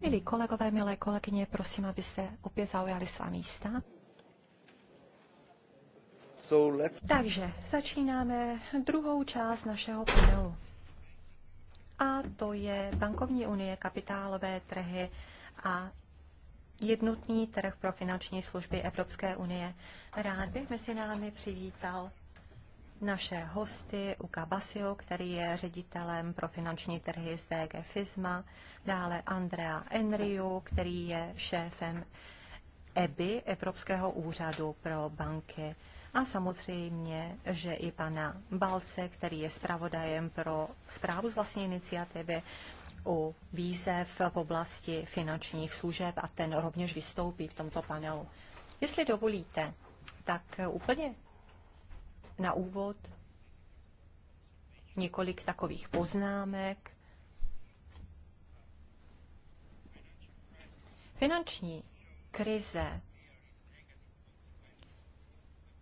Milí kolegové, milé kolegyně, prosím, abyste opět zaujali svá místa. So let's... Takže začínáme druhou část našeho panelu. A to je bankovní unie, kapitálové trhy a jednotný trh pro finanční služby Evropské unie. Rád bych mezi námi přivítal naše hosty Uka Basio, který je ředitelem pro finanční trhy z DG FISMA, dále Andrea Enriu, který je šéfem EBI, Evropského úřadu pro banky. A samozřejmě, že i pana Balce, který je zpravodajem pro zprávu z vlastní iniciativy u výzev v oblasti finančních služeb a ten rovněž vystoupí v tomto panelu. Jestli dovolíte, tak úplně na úvod několik takových poznámek. Finanční krize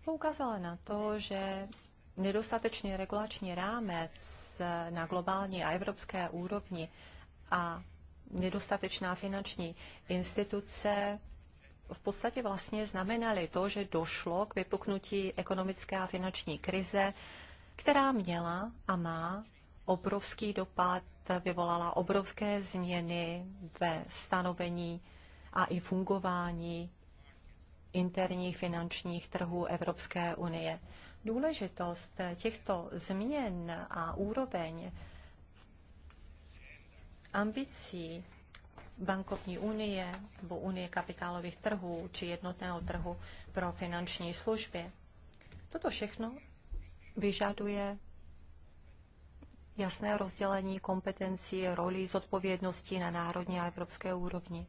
poukázala na to, že nedostatečný regulační rámec na globální a evropské úrovni a nedostatečná finanční instituce v podstatě vlastně znamenaly to, že došlo k vypuknutí ekonomické a finanční krize, která měla a má obrovský dopad, vyvolala obrovské změny ve stanovení a i fungování interních finančních trhů Evropské unie. Důležitost těchto změn a úroveň ambicí bankovní unie nebo unie kapitálových trhů či jednotného trhu pro finanční služby. Toto všechno vyžaduje jasné rozdělení kompetencí, roli, zodpovědnosti na národní a evropské úrovni.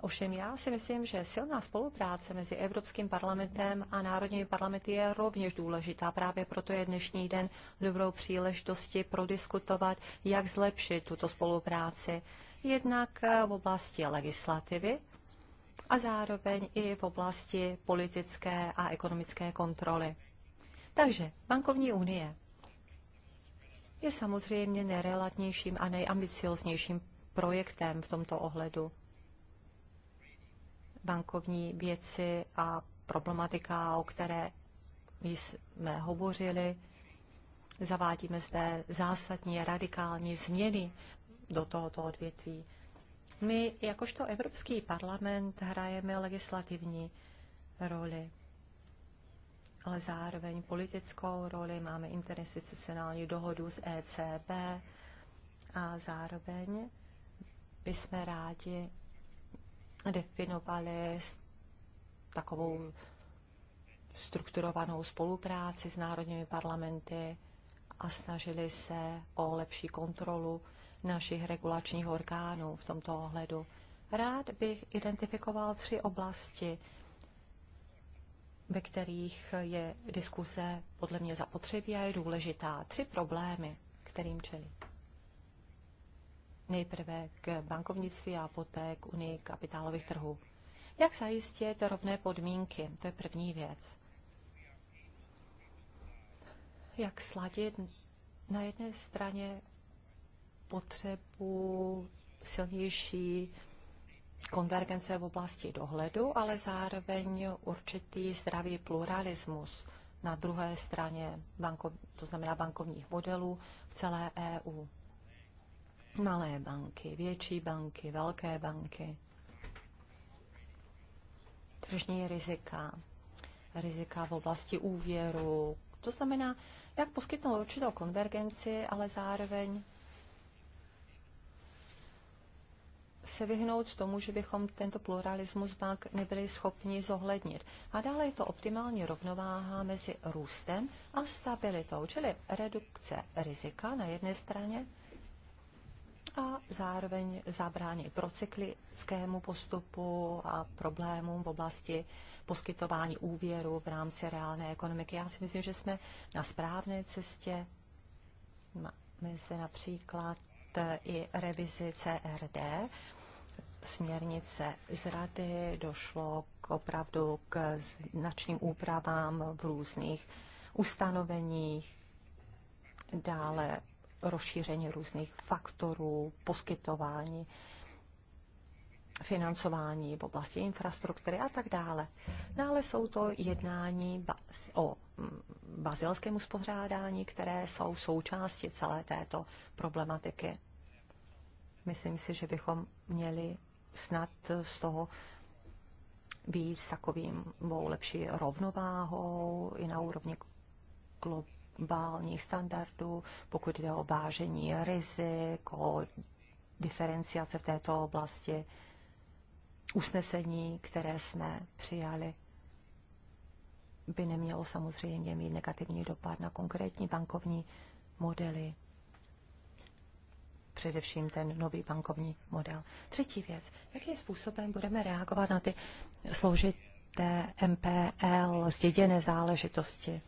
Ovšem já si myslím, že silná spolupráce mezi Evropským parlamentem a národními parlamenty je rovněž důležitá. Právě proto je dnešní den dobrou příležitosti prodiskutovat, jak zlepšit tuto spolupráci jednak eh, v oblasti legislativy a zároveň i v oblasti politické a ekonomické kontroly. Takže bankovní unie je samozřejmě nerelatnějším a nejambicioznějším projektem v tomto ohledu. Bankovní věci a problematika, o které jsme hovořili, zavádíme zde zásadní radikální změny do tohoto odvětví. My, jakožto Evropský parlament, hrajeme legislativní roli, ale zároveň politickou roli. Máme interinstitucionální dohodu s ECB a zároveň bychom rádi definovali takovou strukturovanou spolupráci s národními parlamenty a snažili se o lepší kontrolu našich regulačních orgánů v tomto ohledu. Rád bych identifikoval tři oblasti, ve kterých je diskuze podle mě zapotřebí a je důležitá. Tři problémy, kterým čelí. Nejprve k bankovnictví a poté k unii kapitálových trhů. Jak zajistit rovné podmínky? To je první věc. Jak sladit na jedné straně potřebu silnější konvergence v oblasti dohledu, ale zároveň určitý zdravý pluralismus na druhé straně, banko, to znamená bankovních modelů v celé EU. Malé banky, větší banky, velké banky, tržní rizika, rizika v oblasti úvěru. To znamená, jak poskytnout určitou konvergenci, ale zároveň se vyhnout tomu, že bychom tento pluralismus pak nebyli schopni zohlednit. A dále je to optimální rovnováha mezi růstem a stabilitou, čili redukce rizika na jedné straně a zároveň zabrání procyklickému postupu a problémům v oblasti poskytování úvěru v rámci reálné ekonomiky. Já si myslím, že jsme na správné cestě. Máme zde například i revizi CRD, směrnice z rady, došlo k opravdu k značným úpravám v různých ustanoveních, dále rozšíření různých faktorů, poskytování financování v oblasti infrastruktury a tak dále. Dále no, jsou to jednání o mm, bazilském uspořádání, které jsou součástí celé této problematiky. Myslím si, že bychom měli snad z toho být s takovým lepší rovnováhou i na úrovni globálních standardů, pokud jde o vážení rizik, o diferenciace v této oblasti usnesení, které jsme přijali, by nemělo samozřejmě mít negativní dopad na konkrétní bankovní modely. Především ten nový bankovní model. Třetí věc. Jakým způsobem budeme reagovat na ty složité MPL, zděděné záležitosti?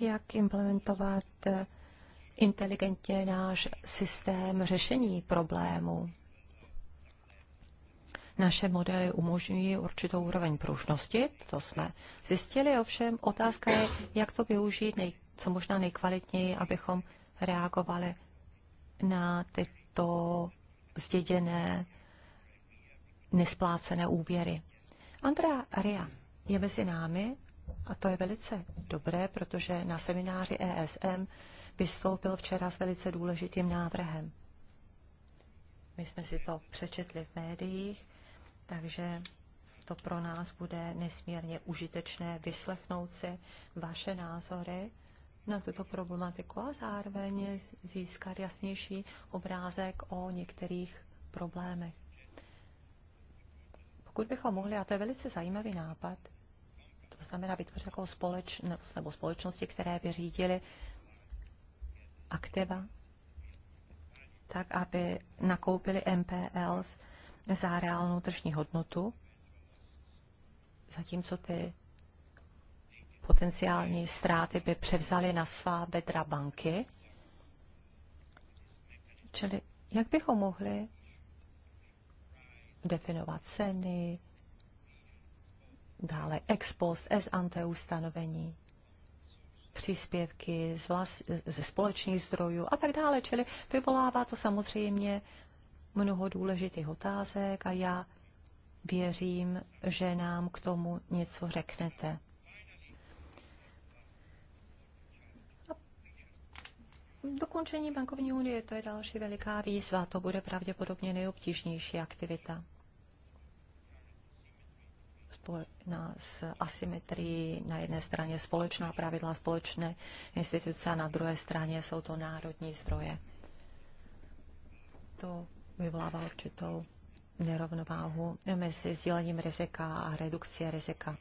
Jak implementovat inteligentně náš systém řešení problému. Naše modely umožňují určitou úroveň pružnosti, to jsme zjistili, ovšem otázka je, jak to využít nej, co možná nejkvalitněji, abychom reagovali na tyto zděděné nesplácené úvěry. Andrea Ria je mezi námi a to je velice dobré, protože na semináři ESM vystoupil včera s velice důležitým návrhem. My jsme si to přečetli v médiích, takže to pro nás bude nesmírně užitečné vyslechnout si vaše názory na tuto problematiku a zároveň získat jasnější obrázek o některých problémech. Pokud bychom mohli, a to je velice zajímavý nápad, to znamená vytvořit takovou společnost nebo společnosti, které by řídili aktiva, tak aby nakoupili MPL za reálnou tržní hodnotu, zatímco ty potenciální ztráty by převzaly na svá bedra banky. Čili jak bychom mohli definovat ceny, dále ex post, ex ante ustanovení příspěvky z vlast, ze společných zdrojů a tak dále. Čili vyvolává to samozřejmě mnoho důležitých otázek a já věřím, že nám k tomu něco řeknete. Dokončení bankovní unie, to je další veliká výzva, to bude pravděpodobně nejobtížnější aktivita na s asymetrií, na jedné straně společná pravidla, společné instituce a na druhé straně jsou to národní zdroje. To vyvolává určitou nerovnováhu mezi sdílením rizika a redukcí rizika.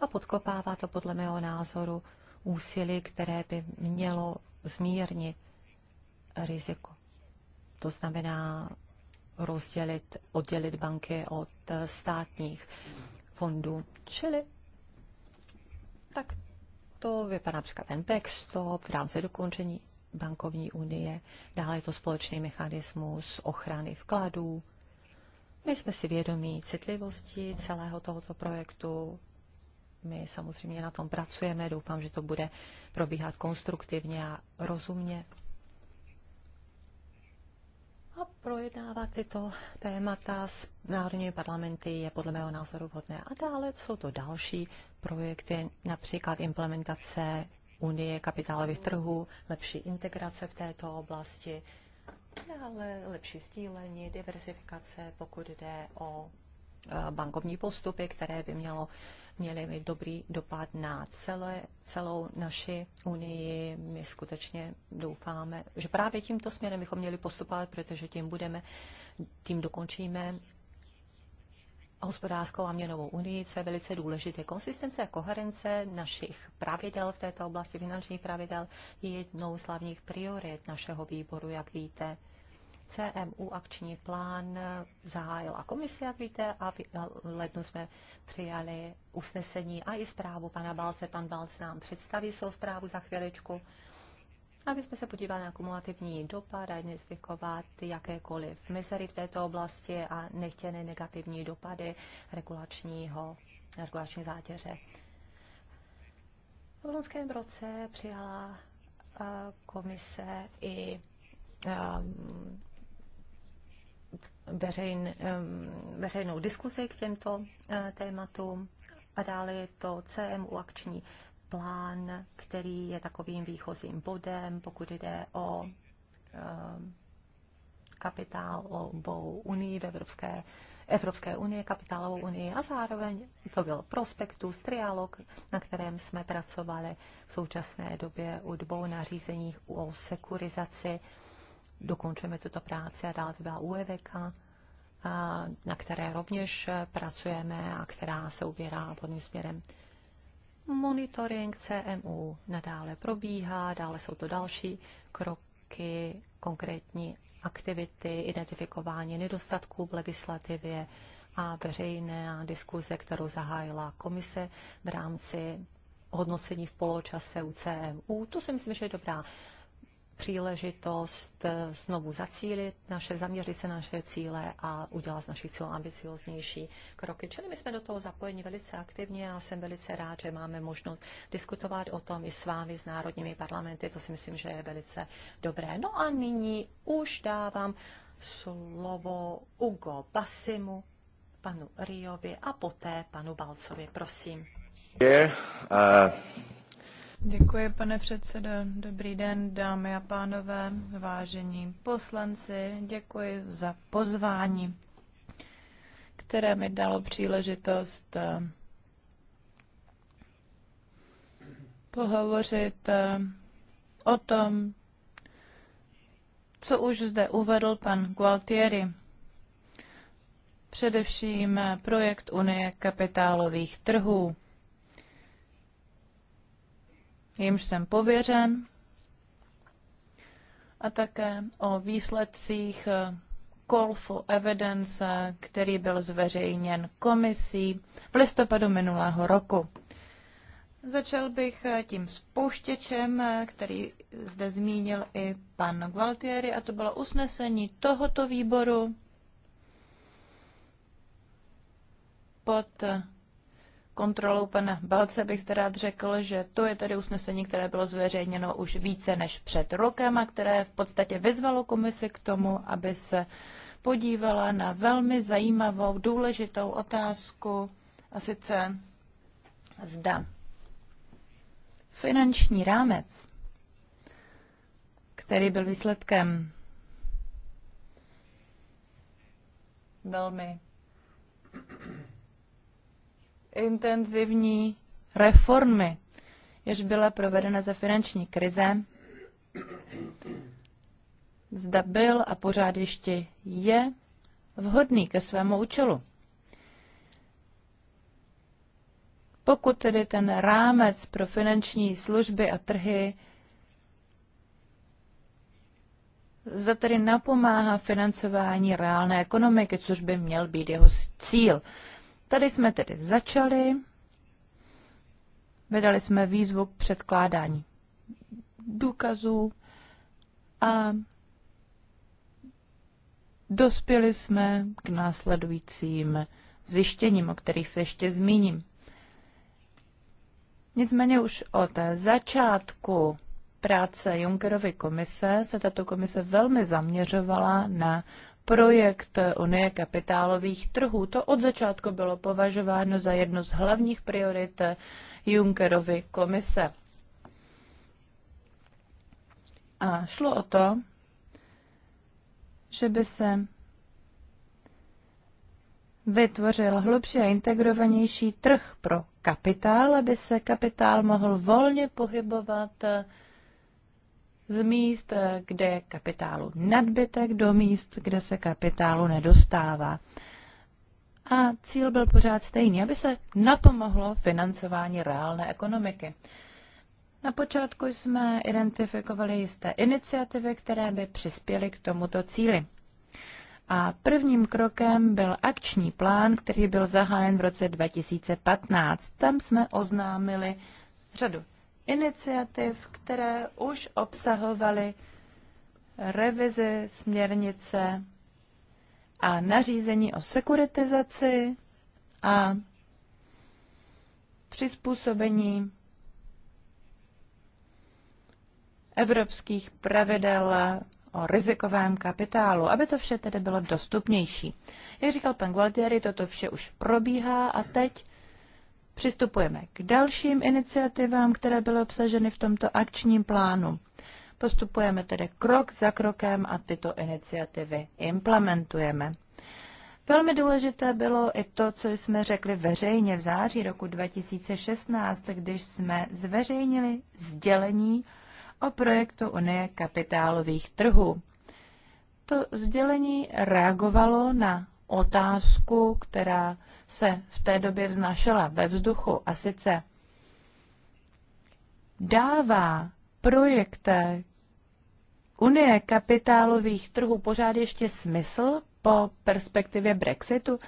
A podkopává to podle mého názoru úsilí, které by mělo zmírnit riziko. To znamená rozdělit, oddělit banky od státních fondů. Čili tak to vypadá například ten backstop v rámci dokončení bankovní unie, dále je to společný mechanismus ochrany vkladů. My jsme si vědomí citlivosti celého tohoto projektu. My samozřejmě na tom pracujeme, doufám, že to bude probíhat konstruktivně a rozumně. A projednávat tyto témata s národními parlamenty je podle mého názoru vhodné. A dále jsou to další projekty, například implementace Unie kapitálových trhů, lepší integrace v této oblasti, dále lepší stílení, diversifikace, pokud jde o e, bankovní postupy, které by mělo měly mít dobrý dopad na celé, celou naši unii. My skutečně doufáme, že právě tímto směrem bychom měli postupovat, protože tím budeme, tím dokončíme hospodářskou a měnovou unii, co je velice důležité. Konsistence a koherence našich pravidel v této oblasti finančních pravidel je jednou z hlavních priorit našeho výboru, jak víte. CMU akční plán zahájila komise, jak víte, a v lednu jsme přijali usnesení a i zprávu pana Balce. Pan Balc nám představí svou zprávu za chvíličku, aby jsme se podívali na kumulativní dopad a identifikovat jakékoliv mezery v této oblasti a nechtěné negativní dopady regulačního, regulační zátěže. V loňském roce přijala eh, komise i eh, veřejn, veřejnou diskuzi k těmto eh, tématům. A dále je to CMU akční plán, který je takovým výchozím bodem, pokud jde o kapitálovou unii v Evropské, Evropské unie, kapitálovou unii a zároveň to byl prospektus, trialog, na kterém jsme pracovali v současné době u dvou nařízeních o sekurizaci dokončujeme tuto práci a dále to byla UEVK, na které rovněž e, pracujeme a která se ubírá podným směrem. Monitoring CMU nadále probíhá, dále jsou to další kroky, konkrétní aktivity, identifikování nedostatků v legislativě a veřejné diskuze, kterou zahájila komise v rámci hodnocení v poločase u CMU. To si myslím, že je dobrá příležitost eh, znovu zacílit naše, zaměřit se na naše cíle a udělat z našich cílů ambicioznější kroky. Čili my jsme do toho zapojeni velice aktivně a jsem velice rád, že máme možnost diskutovat o tom i s vámi, s národními parlamenty. To si myslím, že je velice dobré. No a nyní už dávám slovo Ugo Basimu, panu Riovi a poté panu Balcovi. Prosím. Yeah, eh, uh... Děkuji, pane předsedo. Dobrý den, dámy a pánové, vážení poslanci. Děkuji za pozvání, které mi dalo příležitost eh, pohovořit eh, o tom, co už zde uvedl pan Gualtieri. Především eh, projekt Unie kapitálových trhů jimž jsem pověřen, a také o výsledcích eh, Call for Evidence, eh, který byl zveřejněn komisí v listopadu minulého roku. Začal bych eh, tím spouštěčem, který zde zmínil i pan Gualtieri, a to bylo usnesení tohoto výboru pod kontrolou pana Balce bych teda řekl, že to je tedy usnesení, které bylo zveřejněno už více než před rokem a které v podstatě vyzvalo komisi k tomu, aby se podívala na velmi zajímavou, důležitou otázku a sice zda finanční rámec, který byl výsledkem velmi intenzivní reformy, jež byla provedena za finanční krize, zda byl a pořád ještě je vhodný ke svému účelu. Pokud tedy ten rámec pro finanční služby a trhy zda tedy napomáhá financování reálné ekonomiky, což by měl být jeho cíl. Tady jsme tedy začali. Vydali jsme výzvu k předkládání důkazů a dospěli jsme k následujícím zjištěním, o kterých se ještě zmíním. Nicméně už od začátku práce Junckerovy komise se tato komise velmi zaměřovala na projekt Unie kapitálových trhů. To od začátku bylo považováno za jedno z hlavních priorit Junckerovy komise. A šlo o to, že by se vytvořil hlubší a integrovanější trh pro kapitál, aby se kapitál mohl volně pohybovat z míst, kde je kapitálu nadbytek, do míst, kde se kapitálu nedostává. A cíl byl pořád stejný, aby se napomohlo financování reálné ekonomiky. Na počátku jsme identifikovali jisté iniciativy, které by přispěly k tomuto cíli. A prvním krokem byl akční plán, který byl zahájen v roce 2015. Tam jsme oznámili řadu iniciativ, které už obsahovaly revizi směrnice a nařízení o sekuritizaci a přizpůsobení evropských pravidel o rizikovém kapitálu, aby to vše tedy bylo dostupnější. Jak říkal pan Gualtieri, toto vše už probíhá a teď Přistupujeme k dalším iniciativám, které byly obsaženy v tomto akčním plánu. Postupujeme tedy krok za krokem a tyto iniciativy implementujeme. Velmi důležité bylo i to, co jsme řekli veřejně v září roku 2016, když jsme zveřejnili sdělení o projektu Unie kapitálových trhů. To sdělení reagovalo na otázku, která se v té době vznášela ve vzduchu a sice dává projekt Unie kapitálových trhů pořád ještě smysl po perspektivě Brexitu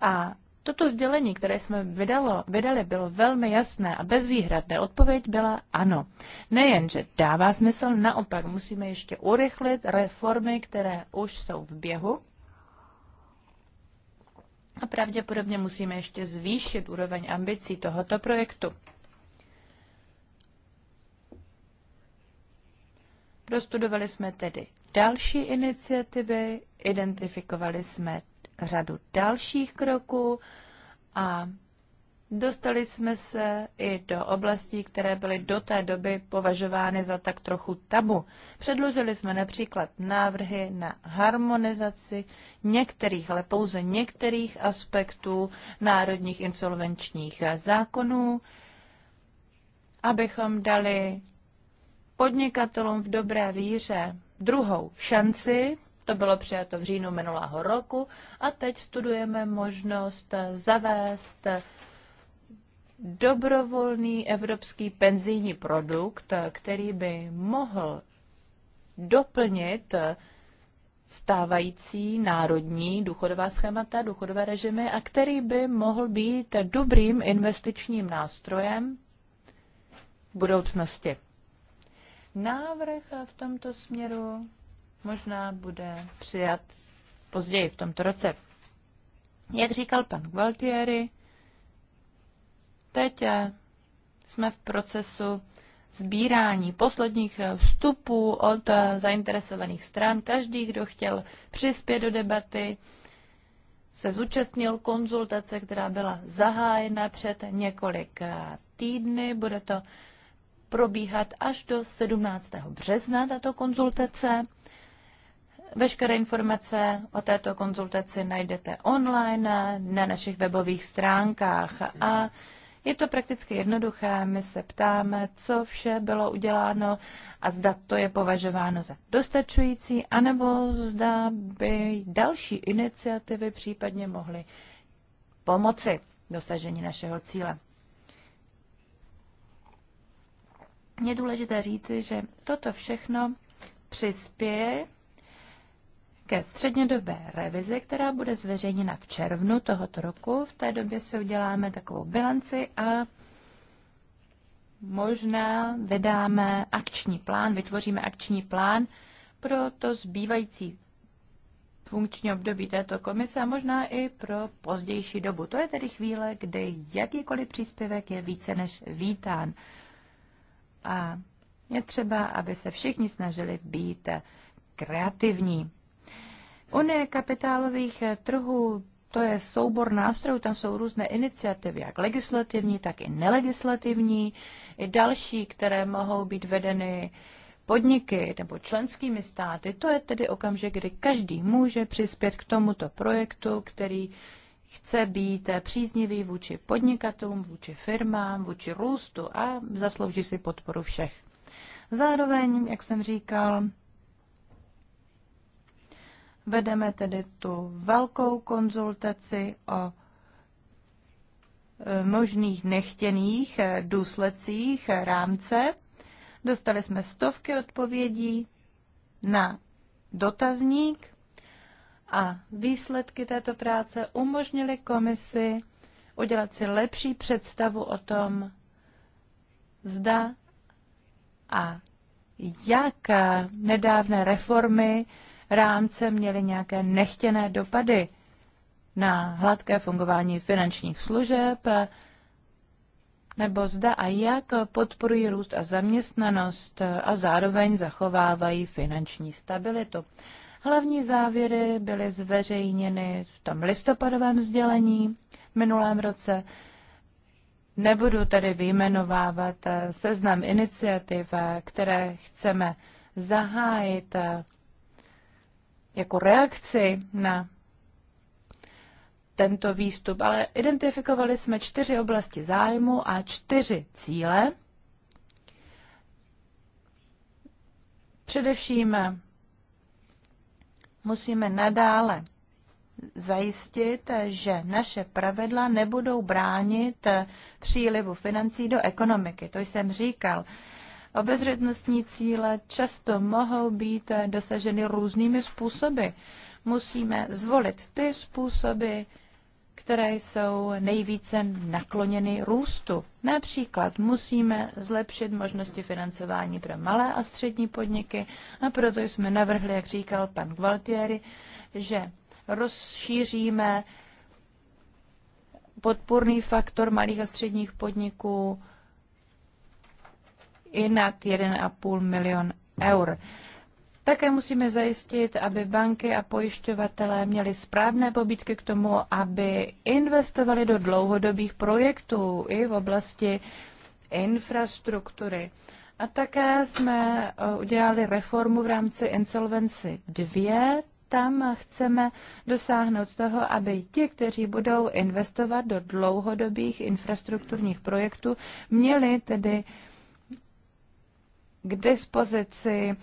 a Toto sdělení, které jsme vydalo, vydali, bylo velmi jasné a bezvýhradné. Odpověď byla ano. Nejenže dává smysl, naopak musíme ještě urychlit reformy, které už jsou v běhu a pravděpodobně musíme ještě zvýšit úroveň ambicí tohoto projektu. Prostudovali jsme tedy další iniciativy, identifikovali jsme řadu dalších kroků a Dostali jsme se i do oblastí, které byly do té doby považovány za tak trochu tabu. Předložili jsme například návrhy na harmonizaci některých, ale pouze některých aspektů národních insolvenčních zákonů, abychom dali podnikatelům v dobré víře druhou šanci, to bylo přijato v říjnu minulého roku, a teď studujeme možnost zavést dobrovolný evropský penzijní produkt, který by mohl doplnit stávající národní důchodová schémata, důchodové režimy a který by mohl být dobrým investičním nástrojem v budoucnosti. Návrh v tomto směru možná bude přijat později v tomto roce. Jak říkal pan Gualtieri, Teď eh, jsme v procesu sbírání posledních eh, vstupů od eh, zainteresovaných stran. Každý, kdo chtěl přispět do debaty, se zúčastnil konzultace, která byla zahájena před několik týdny. Bude to probíhat až do 17. března tato konzultace. Veškeré informace o této konzultaci najdete online na našich webových stránkách a je to prakticky jednoduché, my se ptáme, co vše bylo uděláno a zda to je považováno za dostačující, anebo zda by další iniciativy případně mohly pomoci dosažení našeho cíle. Je důležité říci, že toto všechno přispěje ke střednědobé revizi, která bude zveřejněna v červnu tohoto roku. V té době si uděláme takovou bilanci a možná vydáme akční plán, vytvoříme akční plán pro to zbývající funkční období této komise a možná i pro pozdější dobu. To je tedy chvíle, kdy jakýkoliv příspěvek je více než vítán. A je třeba, aby se všichni snažili být kreativní Unie kapitálových eh, trhů to je soubor nástrojů, tam jsou různé iniciativy, jak legislativní, tak i nelegislativní, i další, které mohou být vedeny podniky nebo členskými státy. To je tedy okamžik, kdy každý může přispět k tomuto projektu, který chce být eh, příznivý vůči podnikatelům, vůči firmám, vůči růstu a zaslouží si podporu všech. Zároveň, jak jsem říkal, Vedeme tedy tu velkou konzultaci o e, možných nechtěných e, důsledcích e, rámce. Dostali jsme stovky odpovědí na dotazník a výsledky této práce umožnily komisi udělat si lepší představu o tom, zda a jak nedávné reformy rámce měly nějaké nechtěné dopady na hladké fungování finančních služeb, nebo zda a jak podporují růst a zaměstnanost a zároveň zachovávají finanční stabilitu. Hlavní závěry byly zveřejněny v tom listopadovém sdělení minulém roce. Nebudu tady vyjmenovávat seznam iniciativ, které chceme zahájit jako reakci na tento výstup, ale identifikovali jsme čtyři oblasti zájmu a čtyři cíle. Především musíme nadále zajistit, že naše pravidla nebudou bránit přílivu financí do ekonomiky. To jsem říkal. Obezřetnostní cíle často mohou být dosaženy různými způsoby. Musíme zvolit ty způsoby, které jsou nejvíce nakloněny růstu. Například musíme zlepšit možnosti financování pro malé a střední podniky a proto jsme navrhli, jak říkal pan Gualtieri, že rozšíříme podpůrný faktor malých a středních podniků i nad 1,5 milion eur. Také musíme zajistit, aby banky a pojišťovatelé měli správné pobídky k tomu, aby investovali do dlouhodobých projektů i v oblasti infrastruktury. A také jsme eh, udělali reformu v rámci insolvenci 2. Tam chceme dosáhnout toho, aby ti, kteří budou investovat do dlouhodobých infrastrukturních projektů, měli tedy k dispozici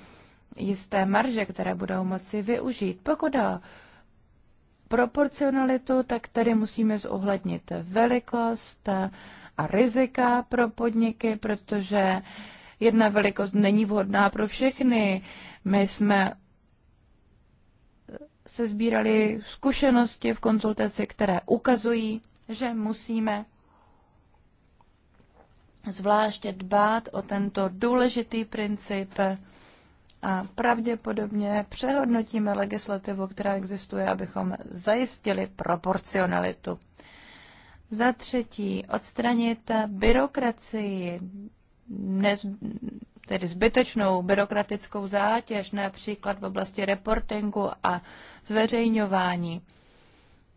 jisté marže, které budou moci využít. Pokud o proporcionalitu, tak tady musíme zohlednit velikost a rizika pro podniky, protože jedna velikost není vhodná pro všechny. My jsme se sbírali zkušenosti v konzultaci, které ukazují, že musíme zvláště dbát o tento důležitý princip a pravděpodobně přehodnotíme legislativu, která existuje, abychom zajistili proporcionalitu. Za třetí, odstranit byrokracii, nez, tedy zbytečnou byrokratickou zátěž, například v oblasti reportingu a zveřejňování.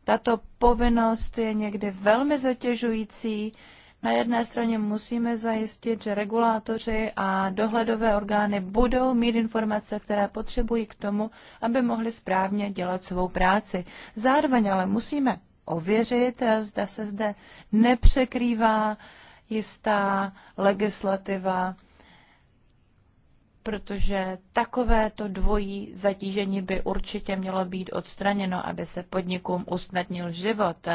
Tato povinnost je někdy velmi zatěžující, na jedné straně musíme zajistit, že regulátoři a dohledové orgány budou mít informace, které potřebují k tomu, aby mohli správně dělat svou práci. Zároveň ale musíme ověřit, zda se zde nepřekrývá jistá legislativa, protože takovéto dvojí zatížení by určitě mělo být odstraněno, aby se podnikům usnadnil život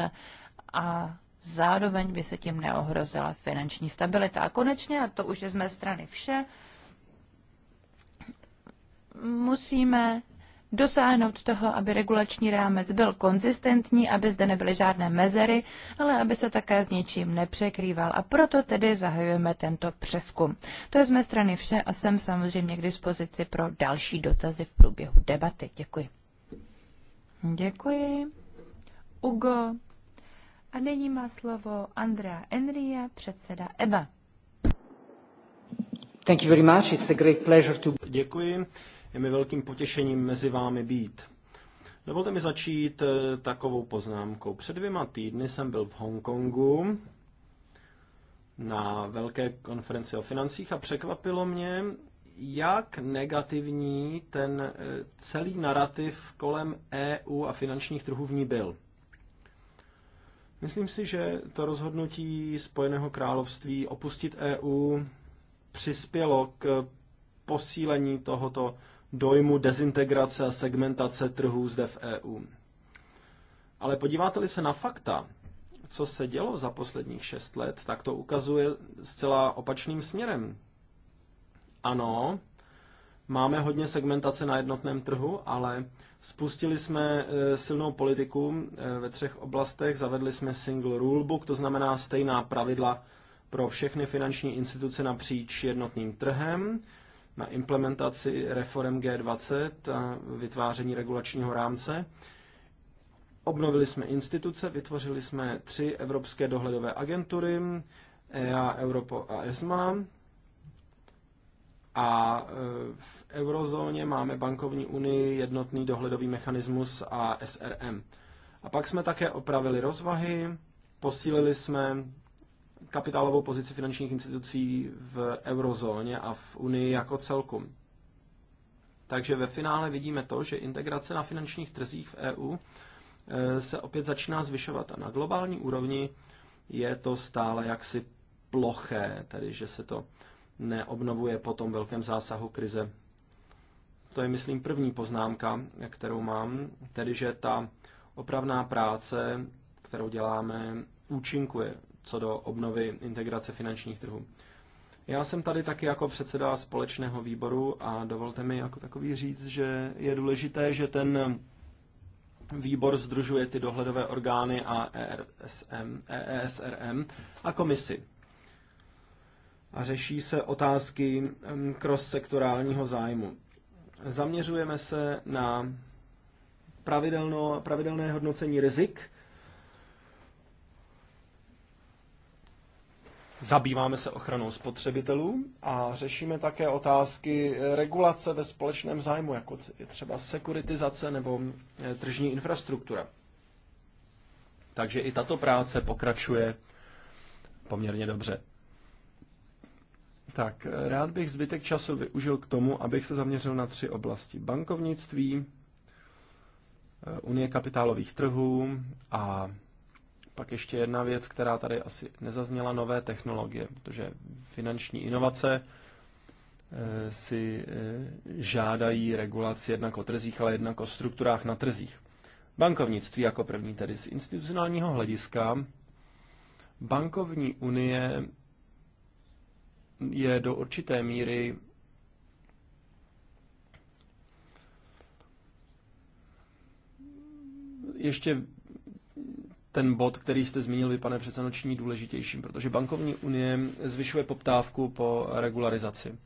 a zároveň by se tím neohrozila finanční stabilita. A konečně, a to už je z mé strany vše, musíme dosáhnout toho, aby regulační rámec byl konzistentní, aby zde nebyly žádné mezery, ale aby se také s ničím nepřekrýval. A proto tedy zahajujeme tento přeskum. To je z mé strany vše a jsem samozřejmě k dispozici pro další dotazy v průběhu debaty. Děkuji. Děkuji. Ugo a nyní má slovo Andrea Enria, předseda EBA. Thank you very much. It's a great pleasure to... Děkuji. Je mi velkým potěšením mezi vámi být. Dovolte mi začít eh, takovou poznámkou. Před dvěma týdny jsem byl v Hongkongu na velké konferenci o financích a překvapilo mě, jak negativní ten eh, celý narrativ kolem EU a finančních trhů v ní byl. Myslím si, že to rozhodnutí Spojeného království opustit EU přispělo k posílení tohoto dojmu dezintegrace a segmentace trhů zde v EU. Ale podíváte-li se na fakta, co se dělo za posledních šest let, tak to ukazuje zcela opačným směrem. Ano, Máme hodně segmentace na jednotném trhu, ale spustili jsme eh, silnou politiku eh, ve třech oblastech. Zavedli jsme single rulebook, to znamená stejná pravidla pro všechny finanční instituce napříč jednotným trhem na implementaci reform G20 a vytváření regulačního rámce. Obnovili jsme instituce, vytvořili jsme tři evropské dohledové agentury, EA, Europo a ESMA, a e, v eurozóně máme bankovní unii, jednotný dohledový mechanismus a SRM. A pak jsme také opravili rozvahy, posílili jsme kapitálovou pozici finančních institucí v eurozóně a v unii jako celku. Takže ve finále vidíme to, že integrace na finančních trzích v EU e, se opět začíná zvyšovat a na globální úrovni je to stále jaksi ploché, tedy že se to neobnovuje po tom velkém zásahu krize. To je, myslím, první poznámka, kterou mám, tedy že ta opravná práce, kterou děláme, účinkuje co do obnovy integrace finančních trhů. Já jsem tady taky jako předseda společného výboru a dovolte mi jako takový říct, že je důležité, že ten výbor združuje ty dohledové orgány a ESRM, e a komisi a řeší se otázky mm, cross-sektorálního zájmu. Zaměřujeme se na pravidelno, pravidelné hodnocení rizik. Zabýváme se ochranou spotřebitelů a řešíme také otázky regulace ve společném zájmu, jako třeba sekuritizace nebo mm, eh, tržní infrastruktura. Takže i tato práce pokračuje poměrně dobře. Tak, rád bych zbytek času využil k tomu, abych se zaměřil na tři oblasti. Bankovnictví, eh, Unie kapitálových trhů a pak ještě jedna věc, která tady asi nezazněla, nové technologie, protože finanční inovace eh, si eh, žádají regulaci jednak o trzích, ale jednak o strukturách na trzích. Bankovnictví jako první tedy z institucionálního hlediska. Bankovní unie je do určité míry ještě ten bod, který jste zmínil, vy, pane předsedoční, důležitějším, protože bankovní unie zvyšuje poptávku po regularizaci.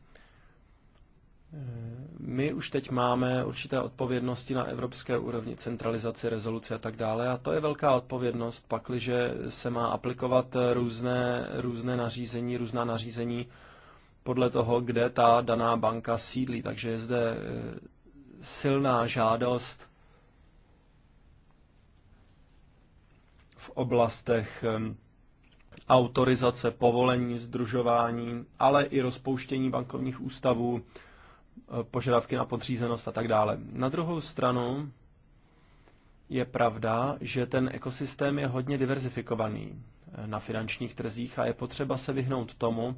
My už teď máme určité odpovědnosti na evropské úrovni, centralizaci, rezoluce a tak dále, a to je velká odpovědnost, pakliže se má aplikovat různé, různé nařízení, různá nařízení podle toho, kde ta daná banka sídlí. Takže je zde eh, silná žádost v oblastech eh, autorizace, povolení, združování, ale i rozpouštění bankovních ústavů, požadavky na podřízenost a tak dále. Na druhou stranu je pravda, že ten ekosystém je hodně diverzifikovaný na finančních trzích a je potřeba se vyhnout tomu,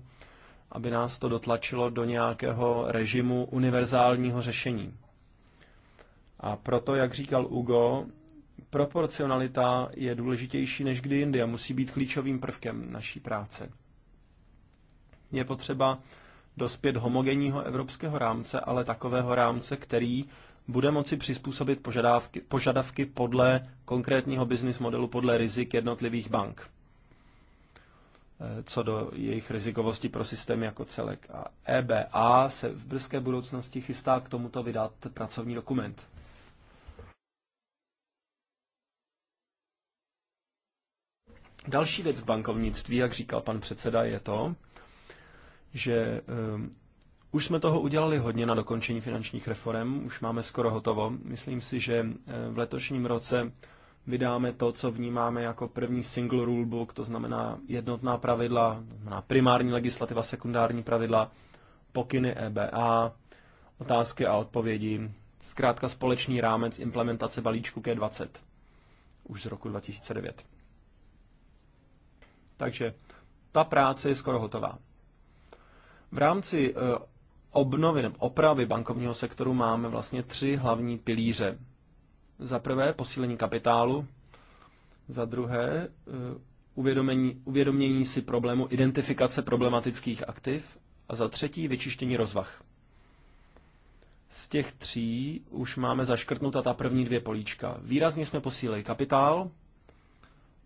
aby nás to dotlačilo do nějakého režimu univerzálního řešení. A proto, jak říkal Ugo, proporcionalita je důležitější než kdy jindy a musí být klíčovým prvkem naší práce. Je potřeba dospět homogenního evropského rámce, ale takového rámce, který bude moci přizpůsobit požadavky, požadavky podle konkrétního business modelu, podle rizik jednotlivých bank eh, co do jejich rizikovosti pro systém jako celek. A EBA se v brzké budoucnosti chystá k tomuto vydat pracovní dokument. Další věc v bankovnictví, jak říkal pan předseda, je to, že um, už jsme toho udělali hodně na dokončení finančních reform, už máme skoro hotovo. Myslím si, že ehm, v letošním roce vydáme to, co vnímáme jako první single rulebook, to znamená jednotná pravidla, to znamená primární legislativa, sekundární pravidla, pokyny EBA, otázky a odpovědi, zkrátka společný rámec implementace balíčku K20 už z roku 2009. Takže ta práce je skoro hotová. V rámci eh, obnovy nebo opravy bankovního sektoru máme vlastně tři hlavní pilíře. Za prvé posílení kapitálu, za druhé eh, uvědomění, uvědomění si problému identifikace problematických aktiv a za třetí vyčištění rozvah. Z těch tří už máme zaškrtnuta ta první dvě políčka. Výrazně jsme posílili kapitál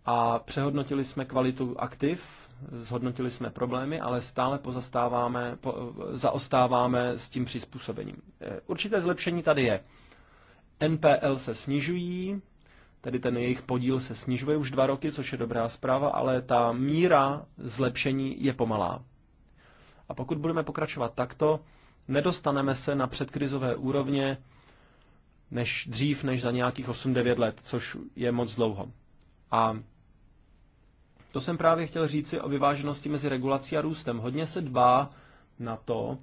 a přehodnotili jsme kvalitu aktiv, zhodnotili jsme problémy, ale stále pozastáváme, po, zaostáváme s tím přizpůsobením. Eh, určité zlepšení tady je. NPL se snižují, tedy ten jejich podíl se snižuje už dva roky, což je dobrá zpráva, ale ta míra zlepšení je pomalá. A pokud budeme pokračovat takto, nedostaneme se na předkrizové úrovně než dřív, než za nějakých 8-9 let, což je moc dlouho. A to jsem právě chtěl říci o vyváženosti mezi regulací a růstem. Hodně se dbá na to,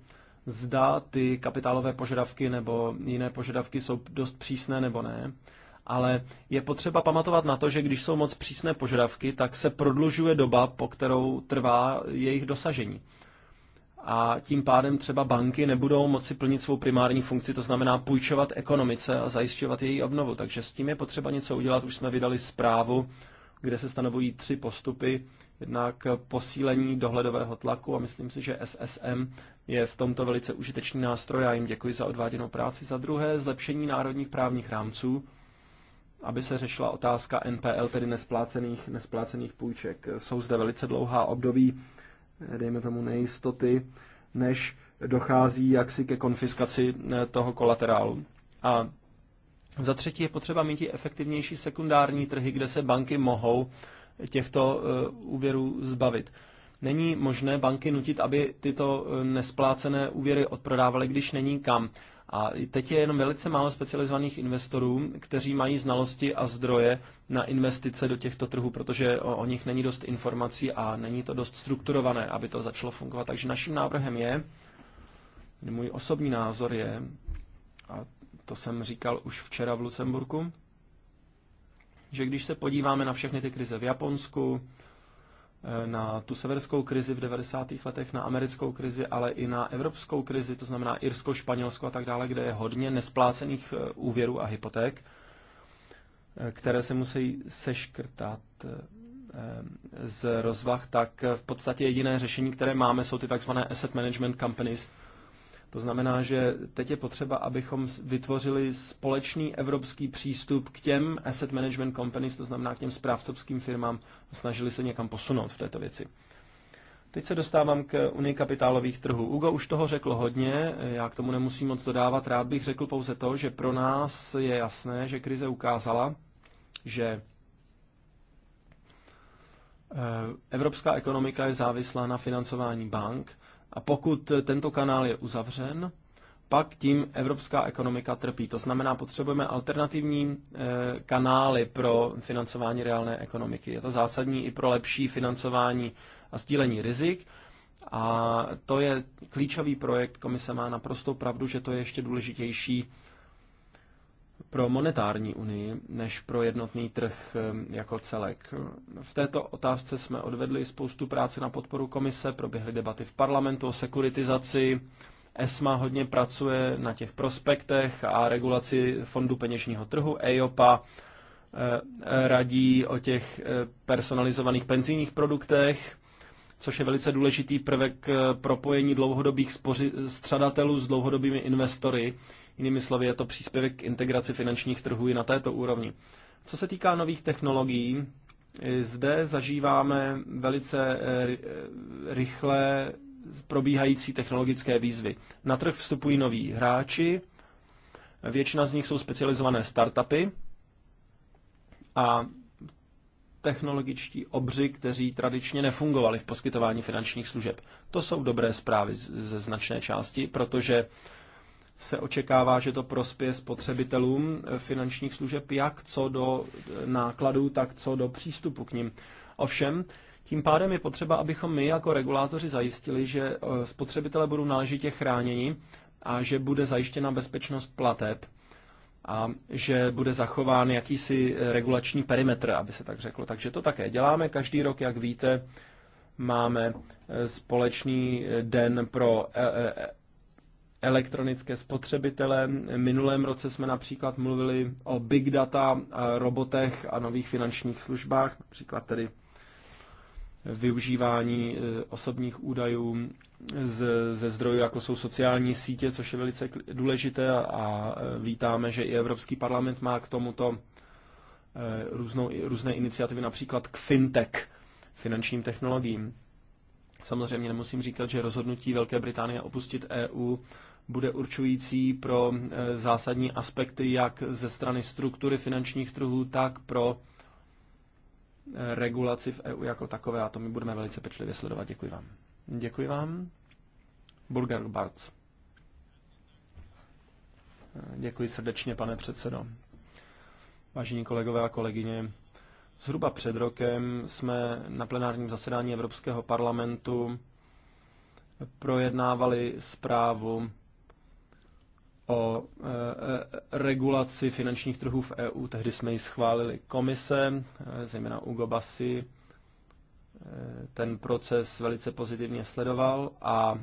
zda ty kapitálové požadavky nebo jiné požadavky jsou dost přísné nebo ne. Ale je potřeba pamatovat na to, že když jsou moc přísné požadavky, tak se prodlužuje doba, po kterou trvá jejich dosažení. A tím pádem třeba banky nebudou moci plnit svou primární funkci, to znamená půjčovat ekonomice a zajišťovat její obnovu. Takže s tím je potřeba něco udělat. Už jsme vydali zprávu kde se stanovují tři postupy. Jednak posílení dohledového tlaku a myslím si, že SSM je v tomto velice užitečný nástroj. a jim děkuji za odváděnou práci. Za druhé, zlepšení národních právních rámců, aby se řešila otázka NPL, tedy nesplácených, nesplácených půjček. Jsou zde velice dlouhá období, dejme tomu nejistoty, než dochází jaksi ke konfiskaci eh, toho kolaterálu. A za třetí je potřeba mít i efektivnější sekundární trhy, kde se banky mohou těchto eh, úvěrů zbavit. Není možné banky nutit, aby tyto eh, nesplácené úvěry odprodávaly, když není kam. A teď je jenom velice málo specializovaných investorů, kteří mají znalosti a zdroje na investice do těchto trhů, protože o, o nich není dost informací a není to dost strukturované, aby to začalo fungovat. Takže naším návrhem je, můj osobní názor je, a to jsem říkal už včera v Lucemburku, že když se podíváme na všechny ty krize v Japonsku, eh, na tu severskou krizi v 90. letech, na americkou krizi, ale i na evropskou krizi, to znamená Irsko, Španělsko a tak dále, kde je hodně nesplácených eh, úvěrů a hypoték, eh, které se musí seškrtat z rozvah, tak v podstatě jediné řešení, které máme, jsou ty takzvané asset management companies, to znamená, že teď je potřeba, abychom vytvořili společný evropský přístup k těm asset management companies, to znamená k těm správcovským firmám, a snažili se někam posunout v této věci. Teď se dostávám k Unii kapitálových trhů. Ugo už toho řekl hodně, já k tomu nemusím moc dodávat. Rád bych řekl pouze to, že pro nás je jasné, že krize ukázala, že eh, evropská ekonomika je závislá na financování bank a pokud tento kanál je uzavřen, pak tím evropská ekonomika trpí. To znamená, potřebujeme alternativní eh, kanály pro financování reálné ekonomiky. Je to zásadní i pro lepší financování a sdílení rizik. A to je klíčový projekt. Komise má naprostou pravdu, že to je ještě důležitější pro monetární unii než pro jednotný trh jako celek. V této otázce jsme odvedli spoustu práce na podporu komise, proběhly debaty v parlamentu o sekuritizaci, ESMA hodně pracuje na těch prospektech a regulaci fondu peněžního trhu, EIOPA eh, radí o těch eh, personalizovaných penzijních produktech, což je velice důležitý prvek eh, propojení dlouhodobých spoři- střadatelů s dlouhodobými investory, Jinými slovy, je to příspěvek k integraci finančních trhů i na této úrovni. Co se týká nových technologií, zde zažíváme velice eh, eh, rychle probíhající technologické výzvy. Na trh vstupují noví hráči, většina z nich jsou specializované startupy a technologičtí obři, kteří tradičně nefungovali v poskytování finančních služeb. To jsou dobré zprávy ze značné části, protože se očekává, že to prospěje spotřebitelům finančních služeb jak co do nákladů, tak co do přístupu k ním. Ovšem, tím pádem je potřeba, abychom my jako regulátoři zajistili, že eh, spotřebitele budou náležitě chráněni a že bude zajištěna bezpečnost plateb a že bude zachován jakýsi eh, regulační perimetr, aby se tak řeklo. Takže to také děláme. Každý rok, jak víte, máme eh, společný den pro elektronické spotřebitele. Minulém roce jsme například mluvili o big data, robotech a nových finančních službách, například tedy využívání e, osobních údajů z, ze zdrojů, jako jsou sociální sítě, což je velice důležité a e, vítáme, že i Evropský parlament má k tomuto e, různou, různé iniciativy, například k fintech, finančním technologiím. Samozřejmě nemusím říkat, že rozhodnutí Velké Británie opustit EU bude určující pro eh, zásadní aspekty jak ze strany struktury finančních trhů, tak pro eh, regulaci v EU jako takové a to my budeme velice pečlivě sledovat. Děkuji vám. Děkuji vám. Burger Bartz. Eh, děkuji srdečně, pane předsedo. Vážení kolegové a kolegyně, zhruba před rokem jsme na plenárním zasedání Evropského parlamentu projednávali zprávu o e, e, regulaci finančních trhů v EU. Tehdy jsme ji schválili komise, e, zejména Ugo Bassi ten proces velice pozitivně sledoval a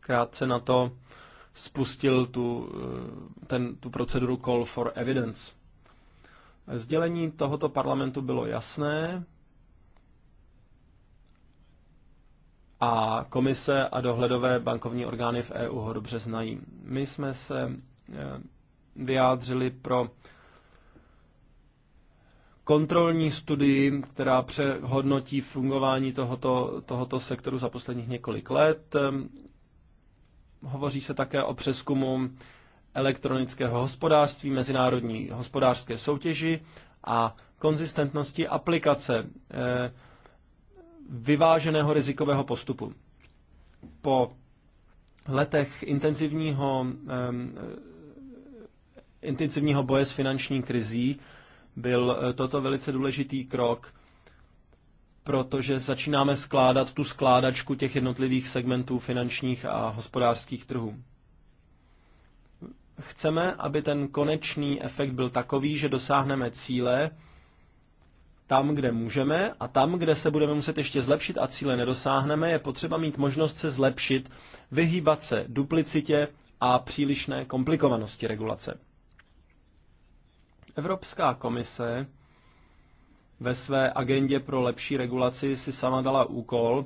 krátce na to spustil tu, ten, tu proceduru Call for Evidence. Sdělení tohoto parlamentu bylo jasné, a komise a dohledové bankovní orgány v EU ho dobře znají. My jsme se e, vyjádřili pro kontrolní studii, která přehodnotí fungování tohoto, tohoto sektoru za posledních několik let. E, hovoří se také o přeskumu elektronického hospodářství, mezinárodní hospodářské soutěži a konzistentnosti aplikace e, vyváženého rizikového postupu. Po letech intenzivního, eh, intenzivního boje s finanční krizí byl eh, toto velice důležitý krok, protože začínáme skládat tu skládačku těch jednotlivých segmentů finančních a hospodářských trhů. Chceme, aby ten konečný efekt byl takový, že dosáhneme cíle, tam, kde můžeme a tam, kde se budeme muset ještě zlepšit a cíle nedosáhneme, je potřeba mít možnost se zlepšit, vyhýbat se duplicitě a přílišné komplikovanosti regulace. Evropská komise ve své agendě pro lepší regulaci si sama dala úkol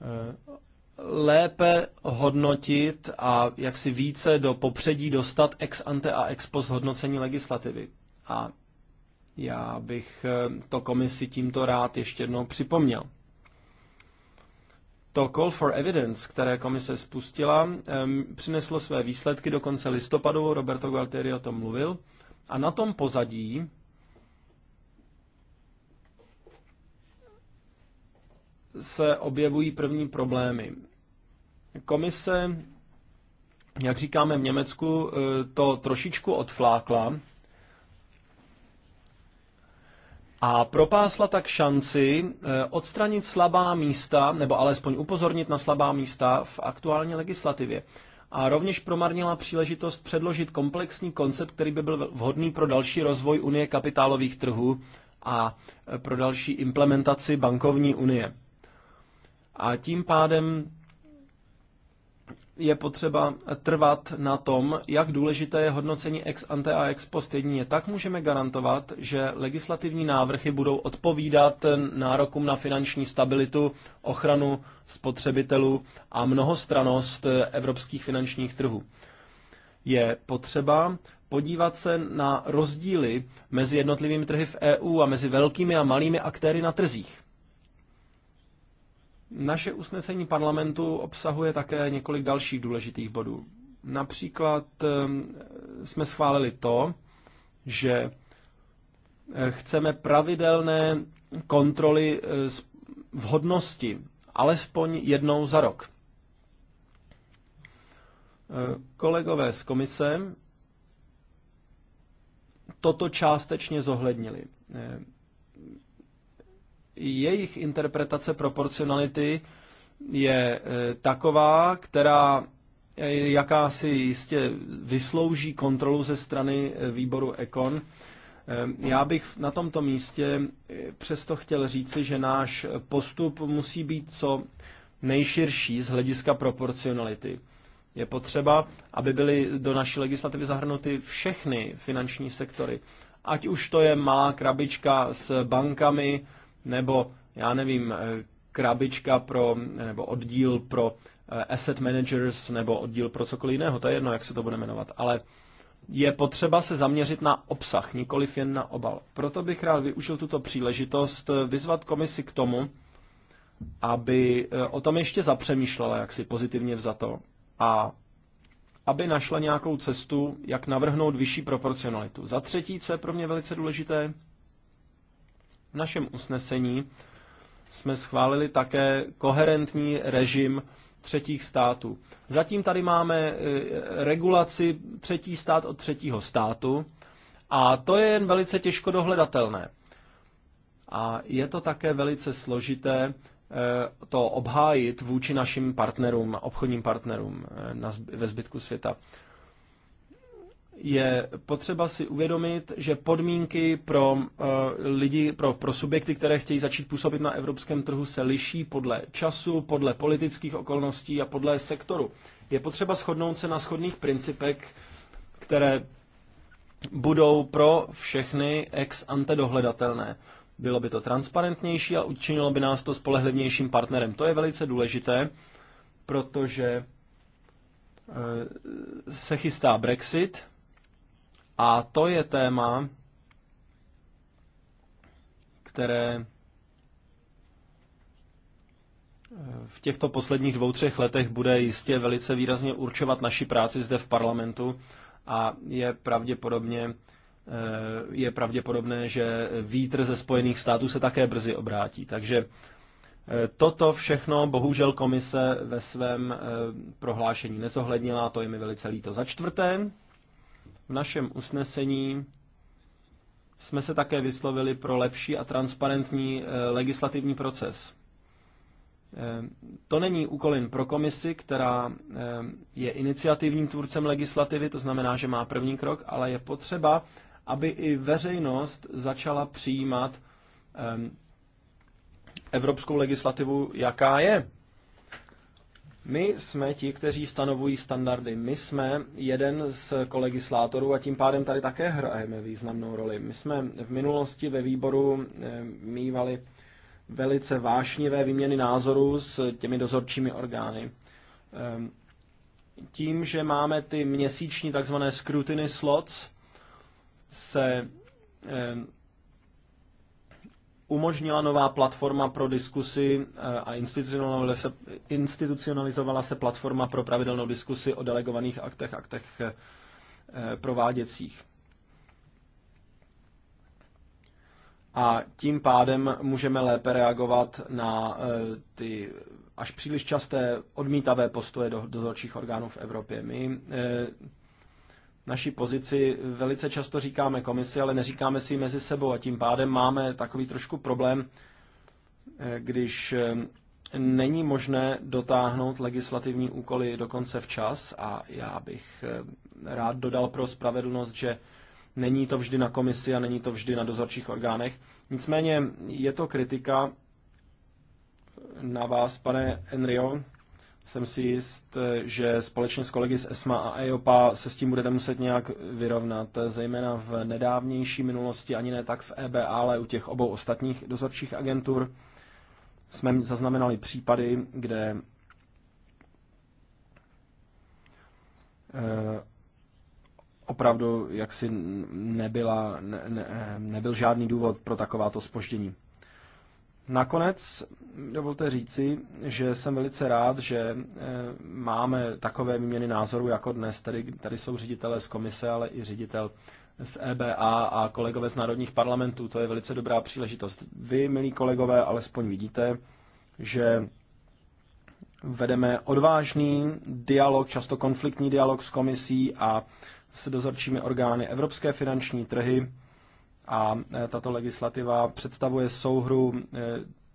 eh, lépe hodnotit a jaksi více do popředí dostat ex ante a ex post hodnocení legislativy. A já bych eh, to komisi tímto rád ještě jednou připomněl. To Call for Evidence, které komise spustila, přineslo své výsledky do konce listopadu, Roberto Gualtieri o tom mluvil, a na tom pozadí se objevují první problémy. Komise, jak říkáme v Německu, eh, to trošičku odflákla, a propásla tak šanci eh, odstranit slabá místa, nebo alespoň upozornit na slabá místa v aktuální legislativě. A rovněž promarnila příležitost předložit komplexní koncept, který by byl vhodný pro další rozvoj Unie kapitálových trhů a eh, pro další implementaci bankovní unie. A tím pádem je potřeba trvat na tom, jak důležité je hodnocení ex ante a ex post. Jedině tak můžeme garantovat, že legislativní návrhy budou odpovídat nárokům na finanční stabilitu, ochranu spotřebitelů a mnohostranost evropských finančních trhů. Je potřeba podívat se na rozdíly mezi jednotlivými trhy v EU a mezi velkými a malými aktéry na trzích. Naše usnesení parlamentu obsahuje také několik dalších důležitých bodů. Například ehm, jsme schválili to, že eh, chceme pravidelné kontroly eh, vhodnosti alespoň jednou za rok. Eh, kolegové z komise toto částečně zohlednili jejich interpretace proporcionality je e, taková, která e, jakási jistě vyslouží kontrolu ze strany e, výboru Ekon. Já bych na tomto místě přesto chtěl říci, že náš postup musí být co nejširší z hlediska proporcionality. Je potřeba, aby byly do naší legislativy zahrnuty všechny finanční sektory. Ať už to je malá krabička s bankami, nebo já nevím, eh, krabička pro, nebo oddíl pro eh, asset managers nebo oddíl pro cokoliv jiného, to je jedno, jak se to bude jmenovat, ale je potřeba se zaměřit na obsah, nikoliv jen na obal. Proto bych rád využil tuto příležitost eh, vyzvat komisi k tomu, aby o tom ještě zapřemýšlela, jak si pozitivně vzato, a aby našla nějakou cestu, jak navrhnout vyšší proporcionalitu. Za třetí, co je pro mě velice důležité, v našem usnesení jsme schválili také koherentní režim třetích států. Zatím tady máme e, regulaci třetí stát od třetího státu a to je jen velice těžko dohledatelné. A je to také velice složité e, to obhájit vůči našim partnerům, obchodním partnerům e, ve zbytku světa je potřeba si uvědomit, že podmínky pro eh, lidi, pro, pro subjekty, které chtějí začít působit na evropském trhu, se liší podle času, podle politických okolností a podle sektoru. Je potřeba shodnout se na shodných principech, které budou pro všechny ex ante dohledatelné. Bylo by to transparentnější a učinilo by nás to spolehlivnějším partnerem. To je velice důležité, protože eh, se chystá Brexit a to je téma, které eh, v těchto posledních dvou, třech letech bude jistě velice výrazně určovat naši práci zde v parlamentu a je pravděpodobně eh, je pravděpodobné, že vítr ze Spojených států se také brzy obrátí. Takže eh, toto všechno bohužel komise ve svém prohlášení nezohlednila, to je mi velice líto. Za čtvrté, v našem usnesení jsme se také vyslovili pro lepší a transparentní eh, legislativní proces. Eh, to není úkolin pro komisi, která eh, je iniciativním tvůrcem legislativy, to znamená, že má první krok, ale je potřeba, aby i veřejnost začala přijímat evropskou legislativu, jaká je. My jsme ti, kteří stanovují standardy. My jsme jeden z kolegislátorů a tím pádem tady také hrajeme významnou roli. My jsme v minulosti ve výboru eh, mývali velice vášnivé výměny názorů s těmi dozorčími orgány. Ehm, tím, že máme ty měsíční takzvané scrutiny slots, se ehm, umožnila nová platforma pro diskusi eh, a institucionalizovala se, platforma pro pravidelnou diskusi o delegovaných aktech, aktech eh, prováděcích. A tím pádem můžeme lépe reagovat na eh, ty až příliš časté odmítavé postoje do dozorčích orgánů v Evropě. My naší pozici velice často říkáme komisi, ale neříkáme si ji mezi sebou a tím pádem máme takový trošku problém, eh, když eh, není možné dotáhnout legislativní úkoly dokonce včas a já bych eh, rád dodal pro spravedlnost, že není to vždy na komisi a není to vždy na dozorčích orgánech. Nicméně je to kritika na vás, pane Enrio, jsem si jist, že společně s kolegy z ESMA a EOPA se s tím budete muset nějak vyrovnat, zejména v nedávnější minulosti, ani ne tak v EBA, ale u těch obou ostatních dozorčích agentur. Jsme zaznamenali případy, kde eh, opravdu jaksi nebyla, ne, ne, nebyl žádný důvod pro takováto spoždění. Nakonec dovolte říci, že jsem velice rád, že eh, máme takové výměny názorů jako dnes. Tady, tady jsou ředitelé z komise, ale i ředitel z EBA a kolegové z národních parlamentů. To je velice dobrá příležitost. Vy, milí kolegové, alespoň vidíte, že vedeme odvážný dialog, často konfliktní dialog s komisí a s dozorčími orgány Evropské finanční trhy a e, tato legislativa představuje souhru e,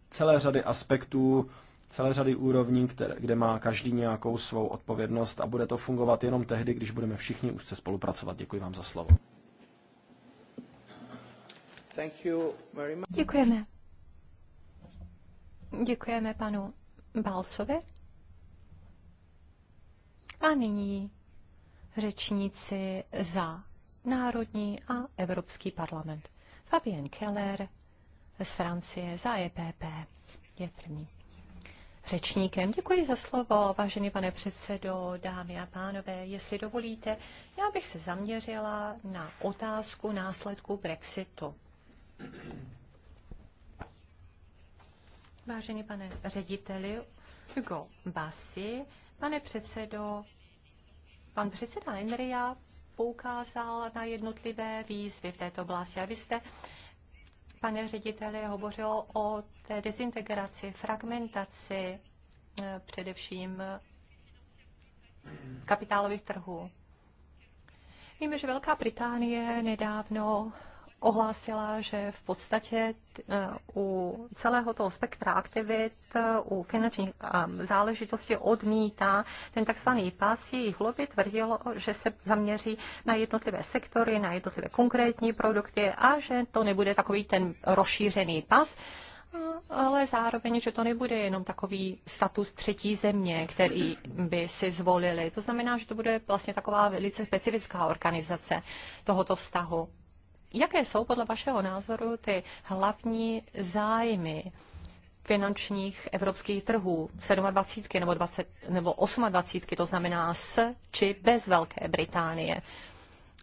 celé řady aspektů, celé řady úrovní, které, kde má každý nějakou svou odpovědnost a bude to fungovat jenom tehdy, když budeme všichni úzce spolupracovat. Děkuji vám za slovo. Děkujeme. Děkujeme panu Balsovi. A nyní řečníci za Národní a Evropský parlament. Fabien Keller z Francie za EPP je první řečníkem. Děkuji za slovo, vážený pane předsedo, dámy a pánové. Jestli dovolíte, já bych se zaměřila na otázku následků Brexitu. Vážený pane řediteli Hugo Basi, pane předsedo, pan předseda Enria poukázal na jednotlivé výzvy v této oblasti. A vy jste, pane řediteli, hovořil o té dezintegraci, fragmentaci eh, především eh, kapitálových trhů. Víme, že Velká Británie nedávno ohlásila, že v podstatě eh, u celého toho spektra aktivit, eh, u finančních eh, záležitostí odmítá ten takzvaný pas. Jejich lobby tvrdilo, že se zaměří na jednotlivé sektory, na jednotlivé konkrétní produkty a že to nebude takový ten rozšířený pas, ale zároveň, že to nebude jenom takový status třetí země, který by si zvolili. To znamená, že to bude vlastně taková velice specifická organizace tohoto vztahu. Jaké jsou podle vašeho názoru ty hlavní zájmy finančních evropských trhů 27 nebo, 20, nebo 28, to znamená s či bez Velké Británie,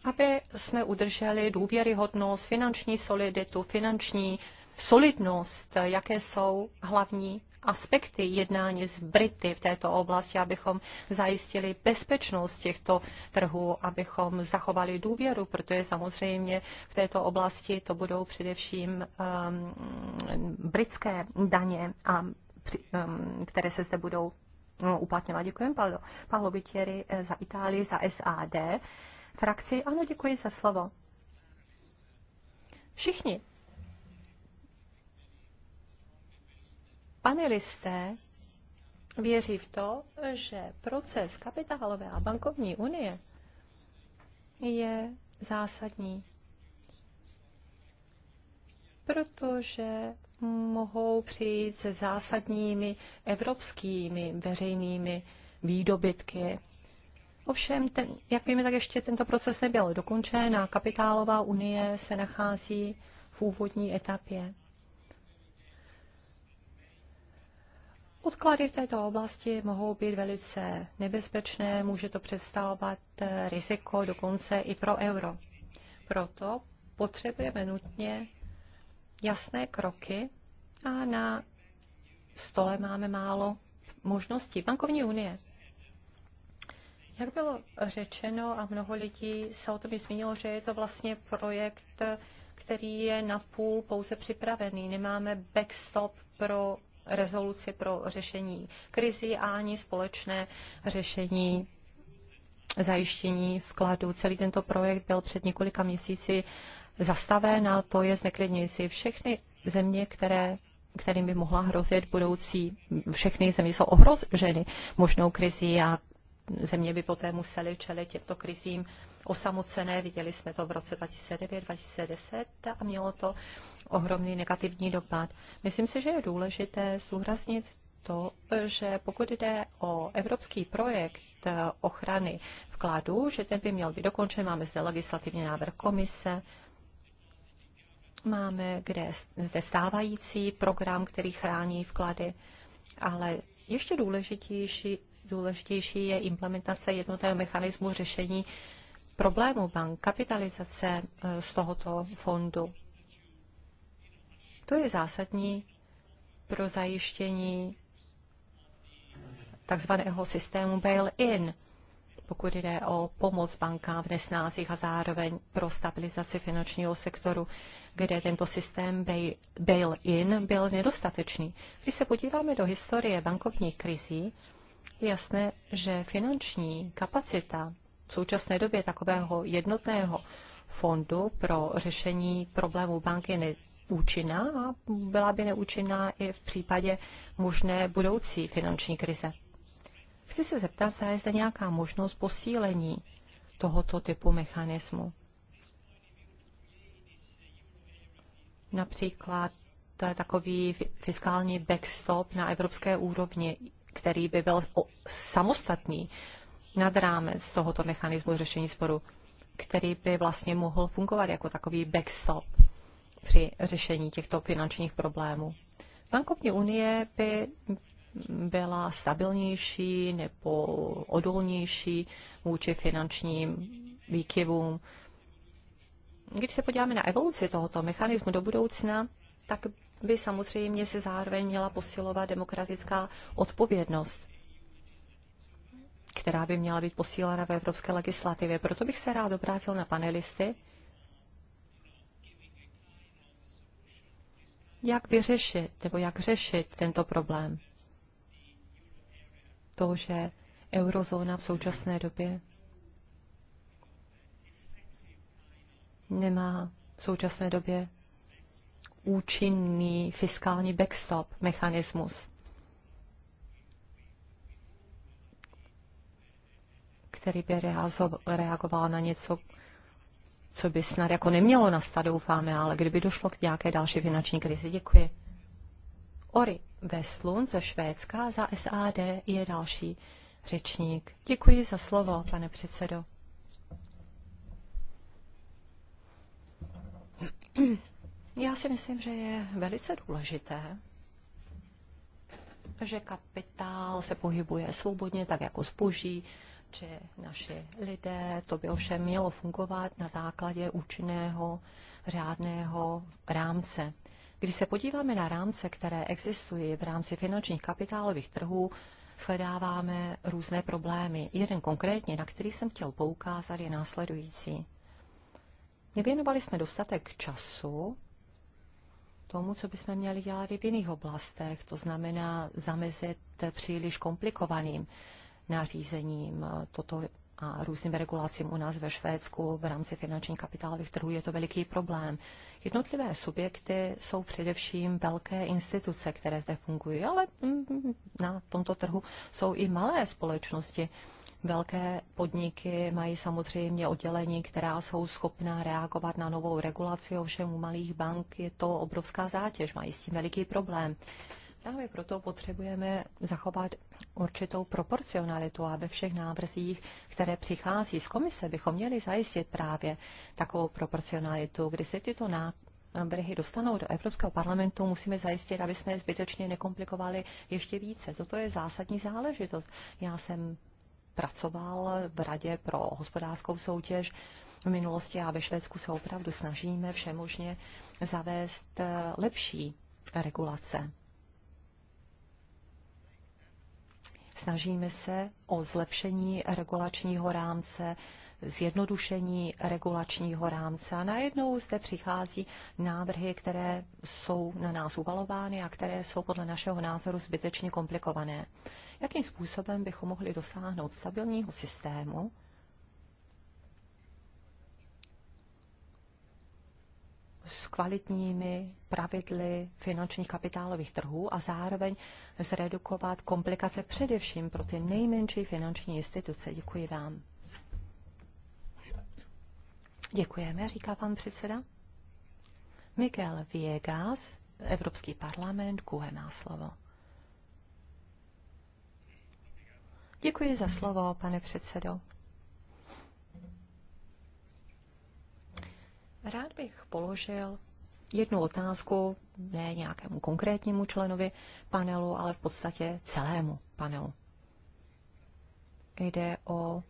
aby jsme udrželi důvěryhodnost, finanční soliditu, finanční solidnost, jaké jsou hlavní aspekty jednání s Brity v této oblasti, abychom zajistili bezpečnost těchto trhů, abychom zachovali důvěru, protože samozřejmě v této oblasti to budou především um, britské daně, a, um, které se zde budou no, uplatňovat. Děkujeme Paolo, Paolo Bitieri eh, za Itálii, za SAD. Frakci, ano, děkuji za slovo. Všichni panelisté věří v to, že proces kapitálové a bankovní unie je zásadní, protože mohou přijít se zásadními evropskými veřejnými výdobytky. Ovšem, ten, jak víme, tak ještě tento proces nebyl dokončen a kapitálová unie se nachází v úvodní etapě. Podklady v této oblasti mohou být velice nebezpečné, může to představovat eh, riziko dokonce i pro euro. Proto potřebujeme nutně jasné kroky a na stole máme málo možností. Bankovní unie. Jak bylo řečeno a mnoho lidí se o tom i zmínilo, že je to vlastně projekt, který je napůl pouze připravený. Nemáme backstop pro rezoluci pro řešení krizi a ani společné řešení zajištění vkladu. Celý tento projekt byl před několika měsíci zastaven a to je zneklidňující. Všechny země, které kterým by mohla hrozit budoucí, všechny země jsou ohroženy možnou krizí a země by poté musely čelit těmto krizím osamocené. Viděli jsme to v roce 2009-2010 a mělo to ohromný negativní dopad. Myslím si, že je důležité zúraznit to, že pokud jde o evropský projekt ochrany vkladů, že ten by měl být dokončen, máme zde legislativní návrh komise, máme kde, zde stávající program, který chrání vklady, ale ještě důležitější, důležitější je implementace jednotného mechanismu řešení problémů bank, kapitalizace e, z tohoto fondu. To je zásadní pro zajištění takzvaného systému bail-in, pokud jde o pomoc bankám v nesnázích a zároveň pro stabilizaci finančního sektoru, kde tento systém bail-in byl nedostatečný. Když se podíváme do historie bankovních krizí, je jasné, že finanční kapacita v současné době takového jednotného fondu pro řešení problémů banky neúčinná a byla by neúčinná i v případě možné budoucí finanční krize. Chci se zeptat, zda je zde nějaká možnost posílení tohoto typu mechanismu. Například to je takový fiskální backstop na evropské úrovni, který by byl samostatný nad rámec tohoto mechanismu řešení sporu, který by vlastně mohl fungovat jako takový backstop při řešení těchto finančních problémů. Bankovní unie by byla stabilnější nebo odolnější vůči finančním výkyvům. Když se podíváme na evoluci tohoto mechanismu do budoucna, tak by samozřejmě se zároveň měla posilovat demokratická odpovědnost která by měla být posílena ve evropské legislativě. Proto bych se rád obrátil na panelisty, jak vyřešit nebo jak řešit tento problém. To, že eurozóna v současné době nemá v současné době účinný fiskální backstop mechanismus. který by reagoval na něco, co by snad jako nemělo nastat, doufáme, ale kdyby došlo k nějaké další finanční krizi. Děkuji. Ori Veslund ze Švédska za SAD je další řečník. Děkuji za slovo, pane předsedo. Já si myslím, že je velice důležité, že kapitál se pohybuje svobodně, tak jako zboží, či naši lidé. To by ovšem mělo fungovat na základě účinného řádného rámce. Když se podíváme na rámce, které existují v rámci finančních kapitálových trhů, shledáváme různé problémy. Jeden konkrétně, na který jsem chtěl poukázat, je následující. Nevěnovali jsme dostatek času tomu, co bychom měli dělat i v jiných oblastech, to znamená zamezit příliš komplikovaným nařízením. Eh, toto a různým regulacím u nás ve Švédsku v rámci finančních kapitálových trhů je to veliký problém. Jednotlivé subjekty jsou především velké instituce, které zde fungují, ale mm, mm, na tomto trhu jsou i malé společnosti. Velké podniky mají samozřejmě oddělení, která jsou schopná reagovat na novou regulaci, ovšem u malých bank je to obrovská zátěž, mají s tím veliký problém. Právě proto potřebujeme zachovat určitou proporcionalitu a ve všech návrzích, které přichází z komise, bychom měli zajistit právě takovou proporcionalitu, kdy se tyto návrhy dostanou do Evropského parlamentu, musíme zajistit, aby jsme je zbytečně nekomplikovali ještě více. Toto je zásadní záležitost. Já jsem pracoval v Radě pro hospodářskou soutěž v minulosti a ve Švédsku se opravdu snažíme všemožně zavést lepší regulace. Snažíme se o zlepšení regulačního rámce, zjednodušení regulačního rámce a najednou zde přichází návrhy, které jsou na nás uvalovány a které jsou podle našeho názoru zbytečně komplikované. Jakým způsobem bychom mohli dosáhnout stabilního systému, s kvalitními pravidly finančních kapitálových trhů a zároveň zredukovat komplikace především pro ty nejmenší finanční instituce. Děkuji vám. Děkujeme, říká pan předseda. Miguel Viegas, Evropský parlament, kuhe má slovo. Děkuji za slovo, pane předsedo. Rád bych položil jednu otázku, ne nějakému konkrétnímu členovi panelu, ale v podstatě celému panelu. Jde o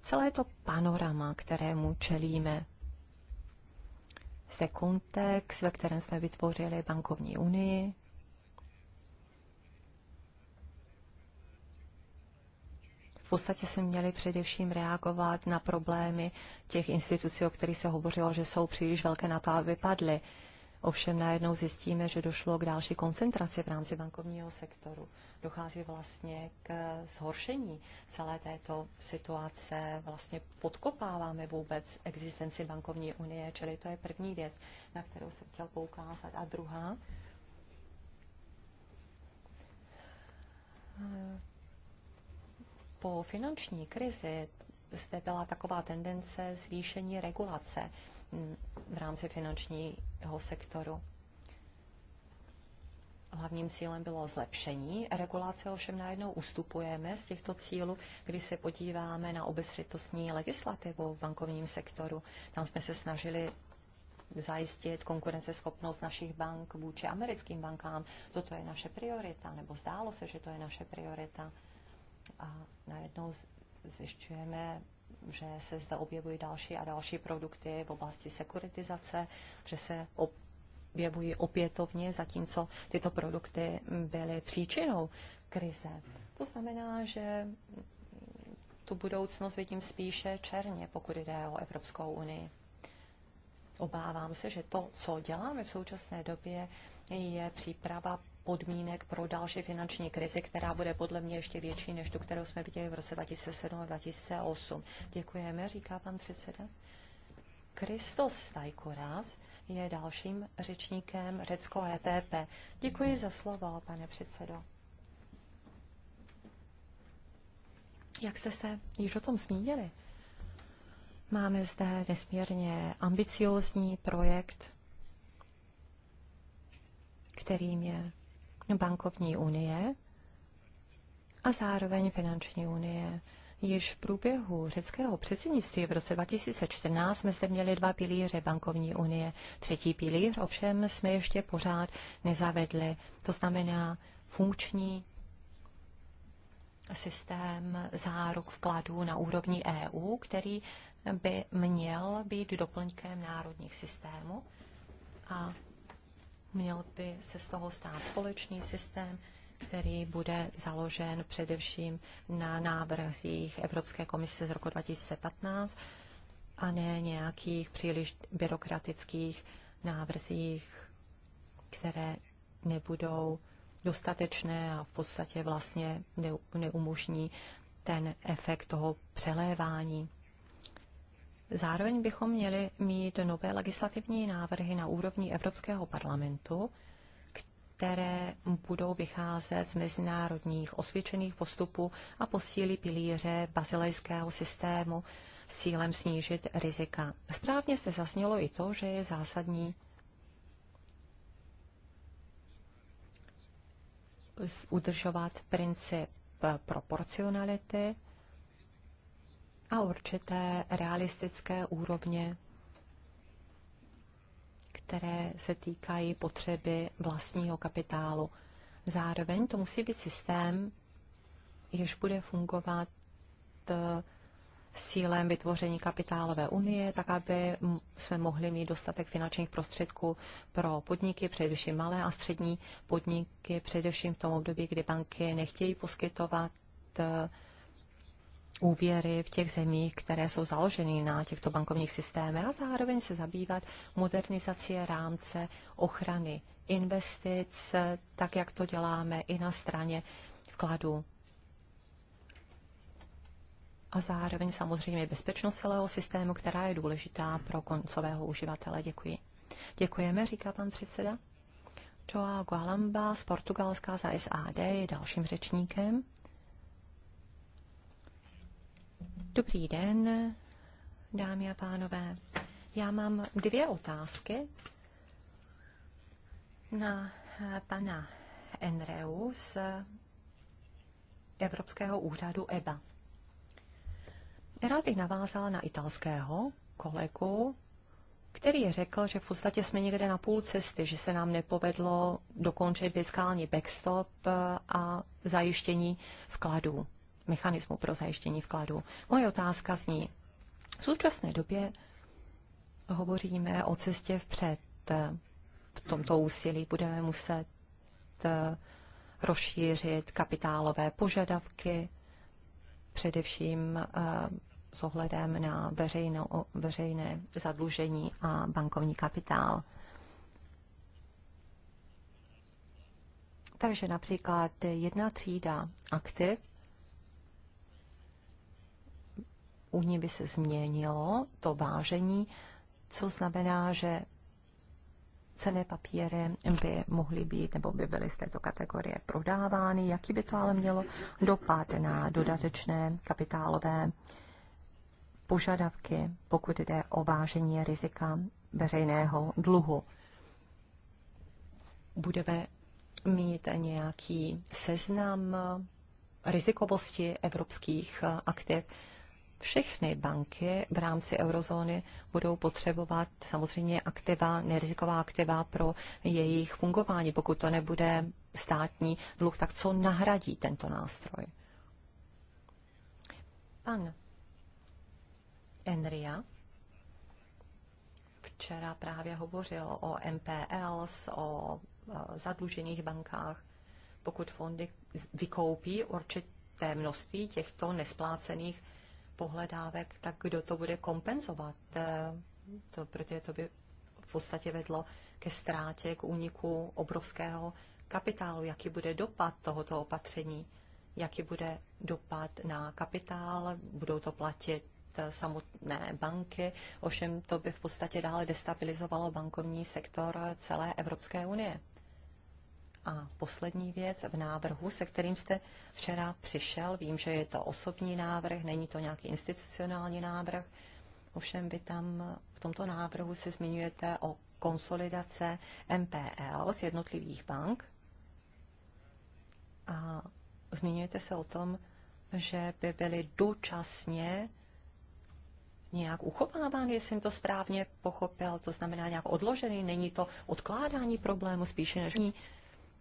celé to panorama, kterému čelíme. té kontext, ve kterém jsme vytvořili bankovní unii, podstatě jsme měli především reagovat na problémy těch institucí, o kterých se hovořilo, že jsou příliš velké na to, aby padly. Ovšem najednou zjistíme, že došlo k další koncentraci v rámci bankovního sektoru. Dochází vlastně k zhoršení celé této situace. Vlastně podkopáváme vůbec existenci bankovní unie, čili to je první věc, na kterou jsem chtěl poukázat. A druhá, po finanční krizi zde byla taková tendence zvýšení regulace mm, v rámci finančního sektoru. Hlavním cílem bylo zlepšení. Regulace ovšem najednou ustupujeme z těchto cílů, když se podíváme na obezřetostní legislativu v bankovním sektoru. Tam jsme se snažili zajistit konkurenceschopnost našich bank vůči americkým bankám. Toto je naše priorita, nebo zdálo se, že to je naše priorita a najednou zjišťujeme, že se zde objevují další a další produkty v oblasti sekuritizace, že se objevují opětovně, zatímco tyto produkty byly příčinou krize. To znamená, že tu budoucnost vidím spíše černě, pokud jde o Evropskou unii. Obávám se, že to, co děláme v současné době, je příprava podmínek pro další finanční krizi, která bude podle mě ještě větší než tu, kterou jsme viděli v roce 2007 a 2008. Děkujeme, říká pan předseda. Kristos Stajkoras je dalším řečníkem Řecko EPP. Děkuji za slovo, pane předsedo. Jak jste se již o tom zmínili, máme zde nesmírně ambiciózní projekt, kterým je bankovní unie a zároveň finanční unie. Již v průběhu řeckého předsednictví v roce 2014 jsme zde měli dva pilíře bankovní unie. Třetí pilíř ovšem jsme ještě pořád nezavedli. To znamená funkční systém záruk vkladů na úrovni EU, který by měl být doplňkem národních systémů. A Měl by se z toho stát společný systém, který bude založen především na návrzích Evropské komise z roku 2015 a ne nějakých příliš byrokratických návrzích, které nebudou dostatečné a v podstatě vlastně neumožní ten efekt toho přelévání Zároveň bychom měli mít nové legislativní návrhy na úrovni Evropského parlamentu, které budou vycházet z mezinárodních osvědčených postupů a posílí pilíře bazilejského systému s cílem snížit rizika. Správně se zasnělo i to, že je zásadní udržovat princip proporcionality a určité realistické úrovně, které se týkají potřeby vlastního kapitálu. Zároveň to musí být systém, jež bude fungovat eh, s cílem vytvoření kapitálové unie, tak aby jsme mohli mít dostatek finančních prostředků pro podniky, především malé a střední podniky, především v tom období, kdy banky nechtějí poskytovat eh, úvěry v těch zemích, které jsou založeny na těchto bankovních systémech a zároveň se zabývat modernizací rámce ochrany investic, tak jak to děláme i na straně vkladů. A zároveň samozřejmě bezpečnost celého systému, která je důležitá pro koncového uživatele. Děkuji. Děkujeme, říká pan předseda. Joao Gualamba z Portugalska za SAD je dalším řečníkem. Dobrý den, dámy a pánové. Já mám dvě otázky na pana Enreu z Evropského úřadu EBA. Rád bych navázala na italského kolegu, který řekl, že v podstatě jsme někde na půl cesty, že se nám nepovedlo dokončit fiskální backstop a zajištění vkladů mechanismu pro zajištění vkladu. Moje otázka zní, v současné době hovoříme o cestě vpřed. V tomto úsilí budeme muset eh, rozšířit kapitálové požadavky, především eh, s ohledem na veřejno, veřejné zadlužení a bankovní kapitál. Takže například jedna třída aktiv u ní by se změnilo to vážení, co znamená, že cené papíry by mohly být nebo by byly z této kategorie prodávány, jaký by to ale mělo dopad na dodatečné kapitálové požadavky, pokud jde o vážení rizika veřejného dluhu. Budeme mít nějaký seznam rizikovosti evropských aktiv, všechny banky v rámci eurozóny budou potřebovat samozřejmě aktiva, neriziková aktiva pro jejich fungování. Pokud to nebude státní dluh, tak co nahradí tento nástroj? Pan Enria včera právě hovořil o MPLs, o zadlužených bankách. Pokud fondy vykoupí určité množství těchto nesplácených pohledávek, tak kdo to bude kompenzovat? Eh, to, protože to by v podstatě vedlo ke ztrátě, k úniku obrovského kapitálu. Jaký bude dopad tohoto opatření? Jaký bude dopad na kapitál? Budou to platit eh, samotné banky, ovšem to by v podstatě dále destabilizovalo bankovní sektor celé Evropské unie. A poslední věc v návrhu, se kterým jste včera přišel, vím, že je to osobní návrh, není to nějaký institucionální návrh, ovšem vy tam v tomto návrhu se zmiňujete o konsolidace MPL z jednotlivých bank a zmiňujete se o tom, že by byly dočasně nějak uchovávány, jestli jsem to správně pochopil, to znamená nějak odložený, není to odkládání problému spíše než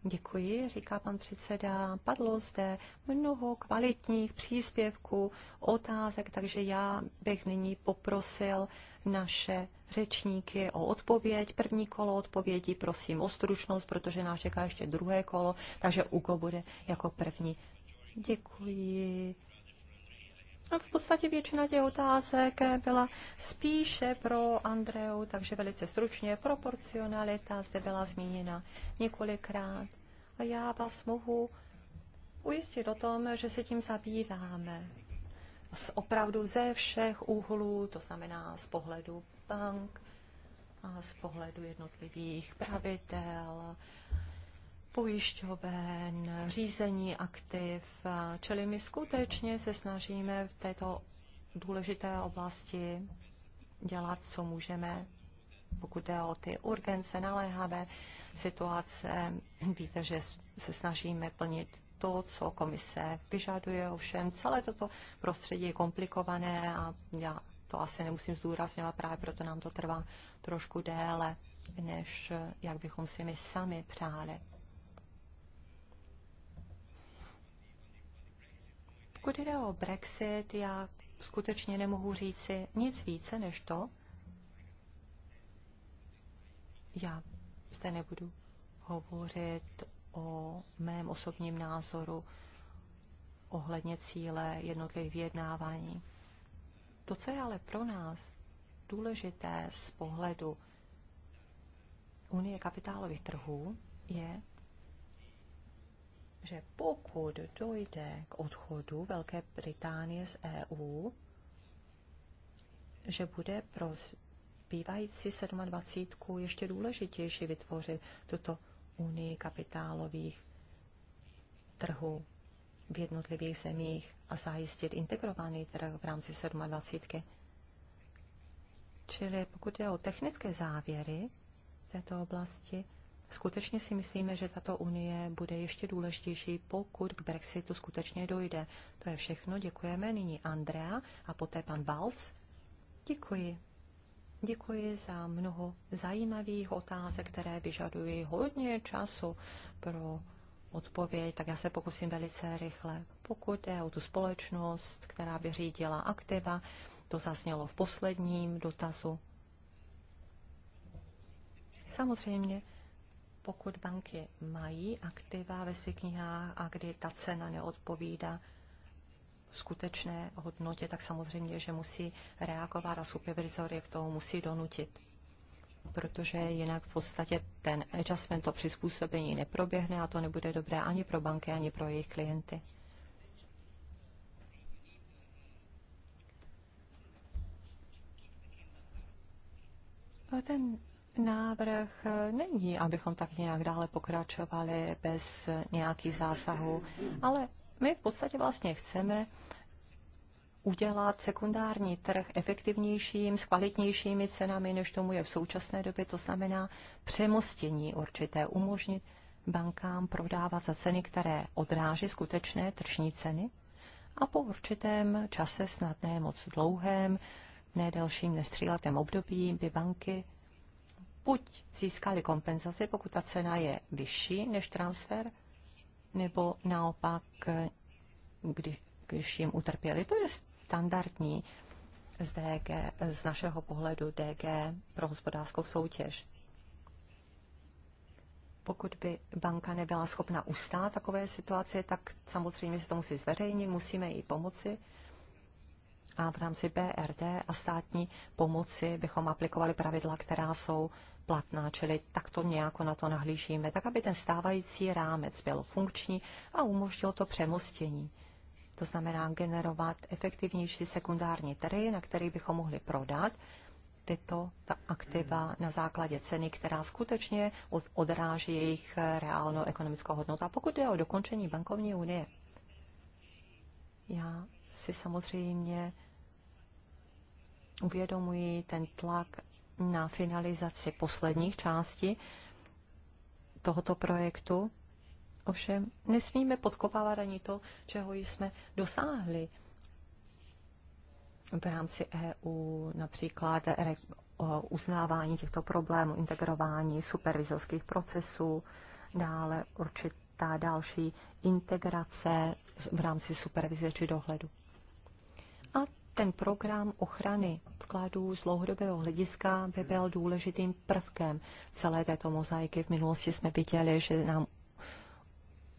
Děkuji, říká pan předseda. Padlo zde mnoho kvalitních příspěvků, otázek, takže já bych nyní poprosil naše řečníky o odpověď. První kolo odpovědí prosím o stručnost, protože nás čeká ještě druhé kolo, takže Ugo bude jako první. Děkuji v podstatě většina těch otázek byla spíše pro Andreu, takže velice stručně proporcionalita zde byla zmíněna několikrát. A já vás mohu ujistit o tom, že se tím zabýváme z opravdu ze všech úhlů, to znamená z pohledu bank, a z pohledu jednotlivých pravidel, pojišťoven, řízení aktiv. Čili my skutečně se snažíme v této důležité oblasti dělat, co můžeme, pokud jde o ty urgence, naléhavé situace. Víte, že se snažíme plnit to, co komise vyžaduje. Ovšem celé toto prostředí je komplikované a já to asi nemusím zdůrazňovat, právě proto nám to trvá trošku déle, než jak bychom si my sami přáli. Pokud jde o Brexit, já skutečně nemohu říci nic více než to. Já zde nebudu hovořit o mém osobním názoru ohledně cíle jednotlivých vyjednávání. To, co je ale pro nás důležité z pohledu Unie kapitálových trhů, je, že pokud dojde k odchodu Velké Británie z EU, že bude pro zbývající 27. ještě důležitější vytvořit tuto unii kapitálových trhů v jednotlivých zemích a zajistit integrovaný trh v rámci 27. Čili pokud je o technické závěry v této oblasti, Skutečně si myslíme, že tato unie bude ještě důležitější, pokud k Brexitu skutečně dojde. To je všechno. Děkujeme. Nyní Andrea a poté pan Valc. Děkuji. Děkuji za mnoho zajímavých otázek, které vyžadují hodně času pro odpověď, tak já se pokusím velice rychle. Pokud je o tu společnost, která by řídila aktiva, to zaznělo v posledním dotazu. Samozřejmě pokud banky mají aktiva ve svých knihách a kdy ta cena neodpovídá skutečné hodnotě, tak samozřejmě, že musí reagovat a je k tomu musí donutit. Protože jinak v podstatě ten adjustment, to přizpůsobení neproběhne a to nebude dobré ani pro banky, ani pro jejich klienty. A ten návrh není, abychom tak nějak dále pokračovali bez nějakých zásahů, ale my v podstatě vlastně chceme udělat sekundární trh efektivnějším, s kvalitnějšími cenami, než tomu je v současné době. To znamená přemostění určité, umožnit bankám prodávat za ceny, které odráží skutečné tržní ceny a po určitém čase, snad ne moc dlouhém, ne delším než období, by banky buď získali kompenzaci, pokud ta cena je vyšší než transfer, nebo naopak, když, když jim utrpěli. To je standardní z, DG, z našeho pohledu DG pro hospodářskou soutěž. Pokud by banka nebyla schopna ustát takové situace, tak samozřejmě se to musí zveřejnit, musíme jí pomoci. A v rámci BRD a státní pomoci bychom aplikovali pravidla, která jsou platná, čili takto nějak na to nahlížíme, tak aby ten stávající rámec byl funkční a umožnil to přemostění. To znamená generovat efektivnější sekundární trhy, na který bychom mohli prodat tyto ta aktiva na základě ceny, která skutečně odráží jejich reálnou ekonomickou hodnotu. A pokud jde o dokončení bankovní unie, já si samozřejmě uvědomuji ten tlak na finalizaci posledních částí tohoto projektu. Ovšem nesmíme podkopávat ani to, čeho jsme dosáhli v rámci EU, například uznávání těchto problémů, integrování supervizorských procesů, dále určitá další integrace v rámci supervize či dohledu. A ten program ochrany vkladů z dlouhodobého hlediska by byl důležitým prvkem celé této mozaiky. V minulosti jsme viděli, že nám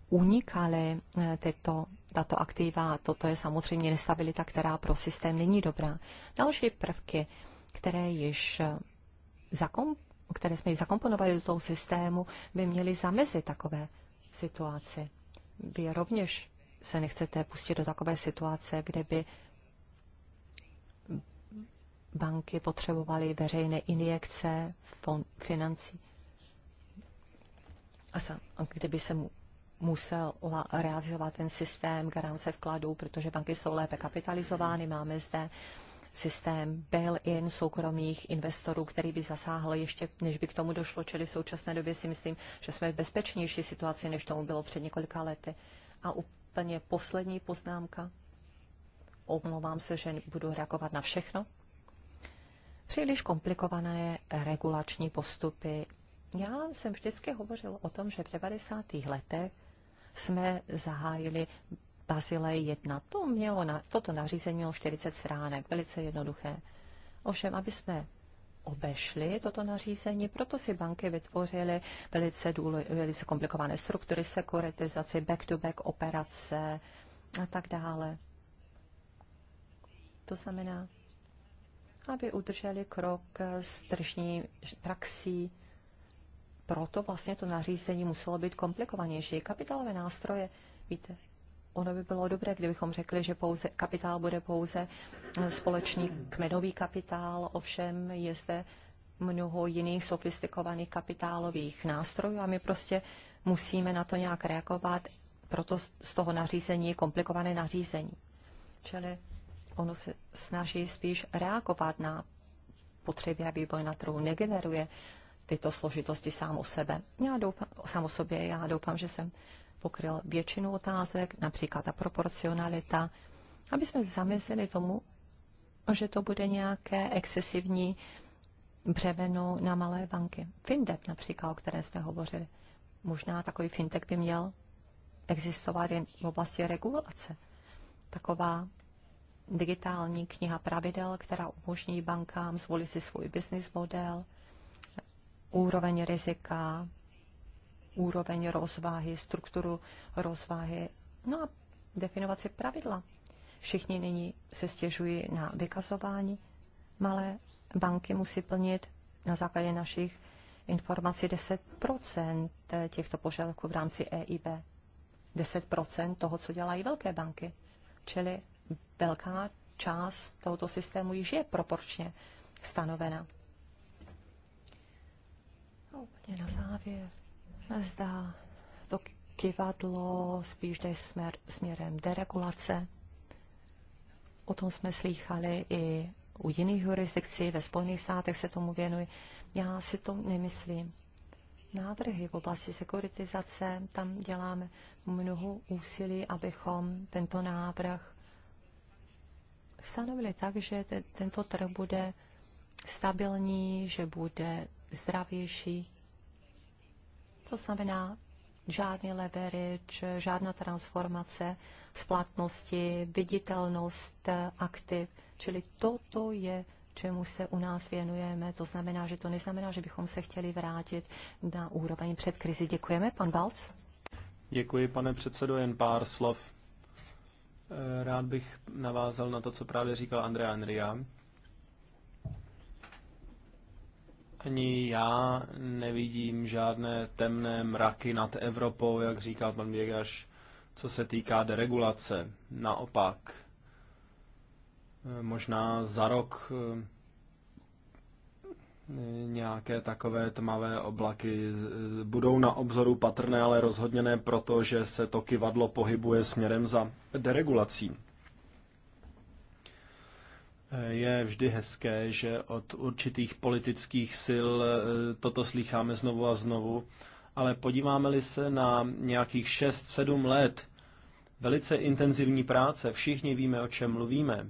unikaly eh, tyto, tato aktiva. Toto je samozřejmě nestabilita, která pro systém není dobrá. Další prvky, které již eh, zakom, které jsme již zakomponovali do toho systému, by měly zamezit takové situaci. Vy rovněž se nechcete pustit do takové situace, kde by banky potřebovaly veřejné injekce financí. A sam, kdyby se mu musel realizovat ten systém garance vkladů, protože banky jsou lépe kapitalizovány. Máme zde systém bail-in soukromých investorů, který by zasáhl ještě, než by k tomu došlo. Čili v současné době si myslím, že jsme v bezpečnější situaci, než tomu bylo před několika lety. A úplně poslední poznámka. Omlouvám se, že budu reagovat na všechno, příliš komplikované regulační postupy. Já jsem vždycky hovořil o tom, že v 90. letech jsme zahájili Bazilej 1. To mělo na, toto nařízení mělo 40 stránek, velice jednoduché. Ovšem, aby jsme obešli toto nařízení, proto si banky vytvořily velice, důle, velice komplikované struktury, sekuritizaci, back-to-back operace a tak dále. To znamená, aby udrželi krok s tržní praxí. Proto vlastně to nařízení muselo být komplikovanější. Kapitálové nástroje, víte, ono by bylo dobré, kdybychom řekli, že pouze kapitál bude pouze eh, společný kmenový kapitál, ovšem je zde mnoho jiných sofistikovaných kapitálových nástrojů a my prostě musíme na to nějak reagovat, proto z toho nařízení je komplikované nařízení. Čili ono se snaží spíš reagovat na potřeby a vývoj na trhu, negeneruje tyto složitosti sám o sebe. Já doufám, sám o sobě, já doufám, že jsem pokryl většinu otázek, například ta proporcionalita, aby jsme zamezili tomu, že to bude nějaké excesivní břemeno na malé banky. Fintech například, o kterém jsme hovořili. Možná takový fintech by měl existovat jen v oblasti regulace. Taková digitální kniha pravidel, která umožní bankám zvolit si svůj business model, úroveň rizika, úroveň rozváhy, strukturu rozváhy, no a definovat si pravidla. Všichni nyní se stěžují na vykazování. Malé banky musí plnit na základě našich informací 10 těchto požadavků v rámci EIB. 10 toho, co dělají velké banky. Čili velká část tohoto systému již je proporčně stanovena. A úplně na závěr. Zdá to kivadlo spíš jde směr, směrem deregulace. O tom jsme slýchali i u jiných jurisdikcí, ve Spojených státech se tomu věnuje. Já si to nemyslím. Návrhy v oblasti sekuritizace, tam děláme mnoho úsilí, abychom tento návrh stanovili tak, že te, tento trh bude stabilní, že bude zdravější. To znamená žádný leverage, žádná transformace splatnosti, viditelnost aktiv. Čili toto je čemu se u nás věnujeme. To znamená, že to neznamená, že bychom se chtěli vrátit na úroveň před krizi. Děkujeme, pan Balc. Děkuji, pane předsedo, jen pár slov. Rád bych navázal na to, co právě říkal Andrea Andrea. Ani já nevidím žádné temné mraky nad Evropou, jak říkal pan Běgaš, co se týká deregulace. Naopak, e, možná za rok e, nějaké takové tmavé oblaky budou na obzoru patrné, ale rozhodně ne proto, že se to kivadlo pohybuje směrem za deregulací. Je vždy hezké, že od určitých politických sil eh, toto slycháme znovu a znovu, ale podíváme-li se na nějakých 6-7 let velice intenzivní práce, všichni víme, o čem mluvíme,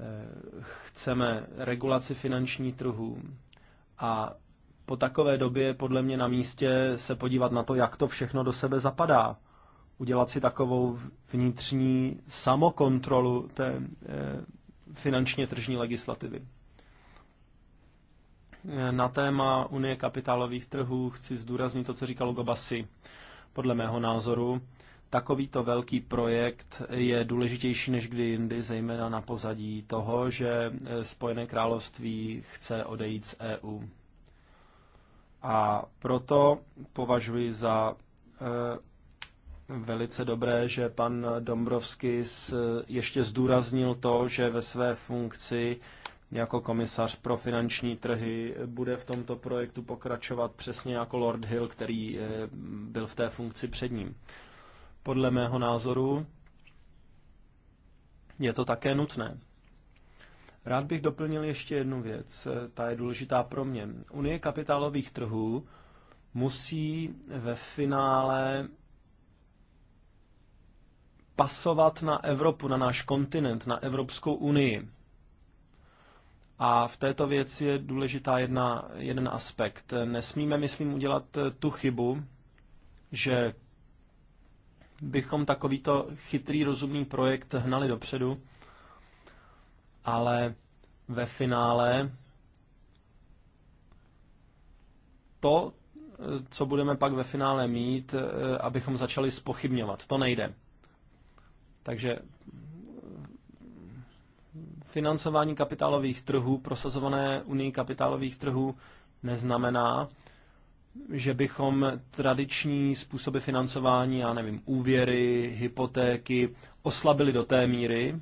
Eh, chceme regulaci finanční trhů a po takové době je podle mě na místě se podívat na to, jak to všechno do sebe zapadá. Udělat si takovou vnitřní samokontrolu té eh, finančně tržní legislativy. Eh, na téma Unie kapitálových trhů chci zdůraznit to, co říkal Gobasi. Podle mého názoru Takovýto velký projekt je důležitější než kdy jindy, zejména na pozadí toho, že eh, Spojené království chce odejít z EU. A proto považuji za eh, velice dobré, že pan Dombrovský eh, ještě zdůraznil to, že ve své funkci jako komisař pro finanční trhy bude v tomto projektu pokračovat přesně jako Lord Hill, který byl v té funkci před ním. Podle mého názoru je to také nutné. Rád bych doplnil ještě jednu věc, eh, ta je důležitá pro mě. Unie kapitálových trhů musí ve finále pasovat na Evropu, na náš kontinent, na Evropskou unii. A v této věci je důležitá jedna, jeden aspekt. Nesmíme, myslím, udělat eh, tu chybu, že bychom takovýto chytrý, rozumný projekt hnali dopředu, ale ve finále to, co budeme pak ve finále mít, eh, abychom začali spochybňovat. To nejde. Takže eh, financování kapitálových trhů, prosazované unii kapitálových trhů, neznamená, že bychom tradiční způsoby financování, já nevím, úvěry, hypotéky, oslabili do té míry,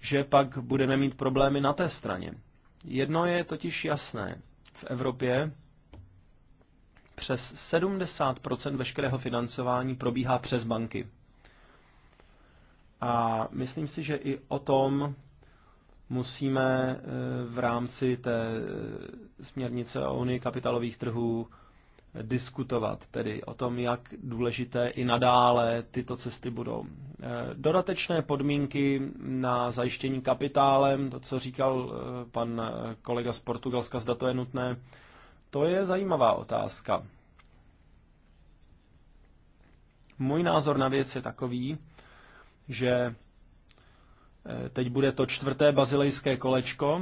že pak budeme mít problémy na té straně. Jedno je totiž jasné. V Evropě přes 70 veškerého financování probíhá přes banky. A myslím si, že i o tom musíme eh, v rámci té eh, směrnice o unii kapitálových trhů diskutovat, tedy o tom, jak důležité i nadále tyto cesty budou. Eh, dodatečné podmínky na zajištění kapitálem, to, co říkal eh, pan eh, kolega z Portugalska, zda to je nutné, to je zajímavá otázka. Můj názor na věc je takový, že teď bude to čtvrté bazilejské kolečko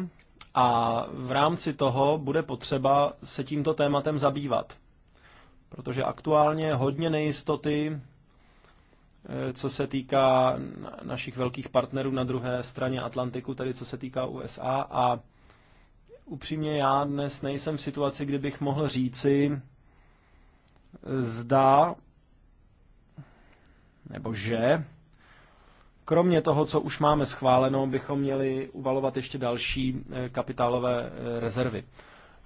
a v rámci toho bude potřeba se tímto tématem zabývat protože aktuálně je hodně nejistoty, eh, co se týká našich velkých partnerů na druhé straně Atlantiku, tedy co se týká USA a upřímně já dnes nejsem v situaci, kdybych mohl říci, zda nebo že kromě toho, co už máme schváleno, bychom měli uvalovat ještě další eh, kapitálové eh, rezervy.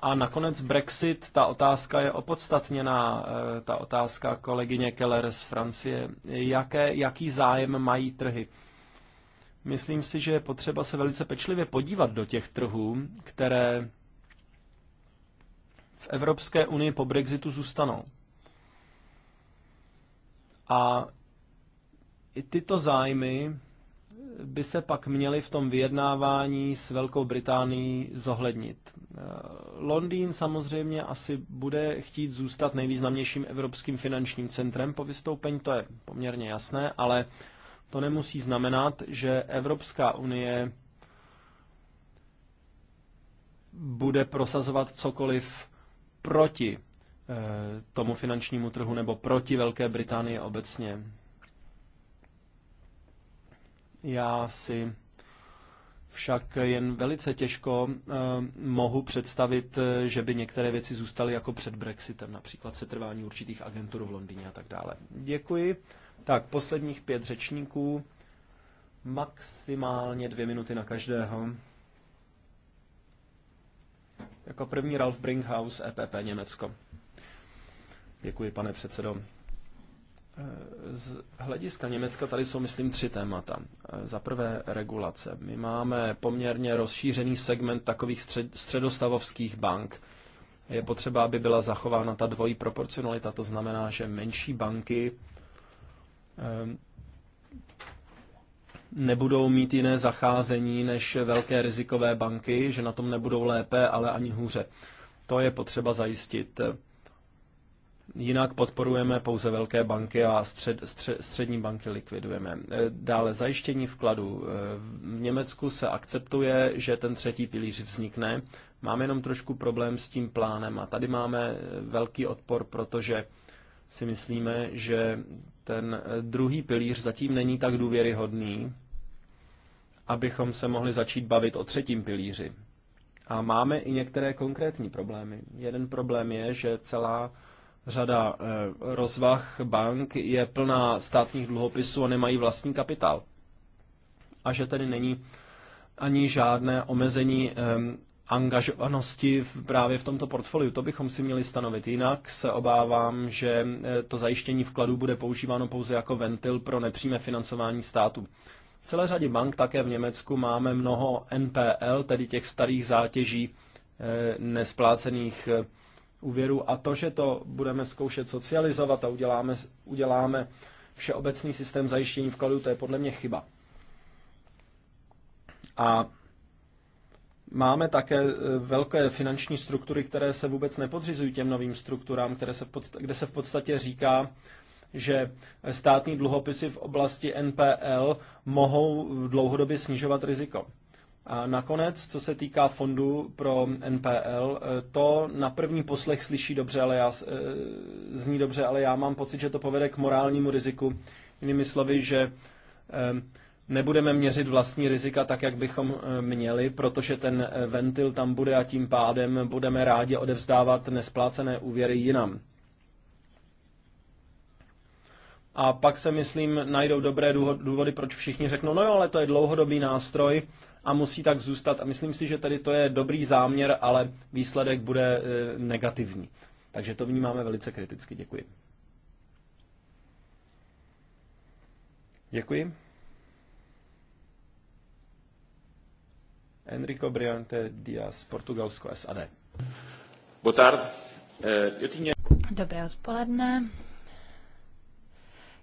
A nakonec Brexit, ta otázka je opodstatněná, eh, ta otázka kolegyně Keller z Francie. Jaké, jaký zájem mají trhy? Myslím si, že je potřeba se velice pečlivě podívat do těch trhů, které v Evropské unii po Brexitu zůstanou. A i tyto zájmy by se pak měly v tom vyjednávání s Velkou Británií zohlednit. Eh, Londýn samozřejmě asi bude chtít zůstat nejvýznamnějším evropským finančním centrem po vystoupení, to je poměrně jasné, ale to nemusí znamenat, že Evropská unie bude prosazovat cokoliv proti eh, tomu finančnímu trhu nebo proti Velké Británii obecně. Já si však jen velice těžko eh, mohu představit, eh, že by některé věci zůstaly jako před Brexitem, například setrvání určitých agentur v Londýně a tak dále. Děkuji. Tak, posledních pět řečníků, maximálně dvě minuty na každého. Jako první Ralf Brinkhaus, EPP Německo. Děkuji, pane předsedo. Eh, z hlediska Německa tady jsou, myslím, tři témata. Eh, za prvé regulace. My máme poměrně rozšířený segment takových střed, středostavovských bank. Je potřeba, aby byla zachována ta dvojí proporcionalita, to znamená, že menší banky eh, nebudou mít jiné zacházení než velké rizikové banky, že na tom nebudou lépe, ale ani hůře. To je potřeba zajistit. Jinak podporujeme pouze velké banky a střed, střed, střední banky likvidujeme. E, dále zajištění vkladu. E, v Německu se akceptuje, že ten třetí pilíř vznikne. Máme jenom trošku problém s tím plánem a tady máme velký odpor, protože si myslíme, že ten e, druhý pilíř zatím není tak důvěryhodný, abychom se mohli začít bavit o třetím pilíři. A máme i některé konkrétní problémy. Jeden problém je, že celá Řada eh, rozvah bank je plná státních dluhopisů a nemají vlastní kapitál. A že tedy není ani žádné omezení angažovanosti v, právě v tomto portfoliu. To bychom si měli stanovit. Jinak se obávám, že eh, to zajištění vkladů bude používáno pouze jako ventil pro nepřímé financování státu. V celé řadě bank také v Německu máme mnoho NPL, tedy těch starých zátěží eh, nesplácených úvěru a to, že to budeme zkoušet socializovat a uděláme, uděláme všeobecný systém zajištění vkladů, to je podle mě chyba. A máme také eh, velké finanční struktury, které se vůbec nepodřizují těm novým strukturám, které se podsta- kde se v podstatě říká, že státní dluhopisy v oblasti NPL mohou dlouhodobě snižovat riziko. A nakonec, co se týká fondu pro NPL, eh, to na první poslech slyší dobře, ale já, eh, zní dobře, ale já mám pocit, že to povede k morálnímu riziku. Jinými slovy, že eh, nebudeme měřit vlastní rizika tak, jak bychom měli, protože ten ventil tam bude a tím pádem budeme rádi odevzdávat nesplácené úvěry jinam. A pak se, myslím, najdou dobré důvody, proč všichni řeknou, no jo, ale to je dlouhodobý nástroj a musí tak zůstat. A myslím si, že tady to je dobrý záměr, ale výsledek bude e, negativní. Takže to vnímáme velice kriticky. Děkuji. Děkuji. Enrico Briante Díaz, Portugalsko SAD. Botard. Eh, Dobré odpoledne.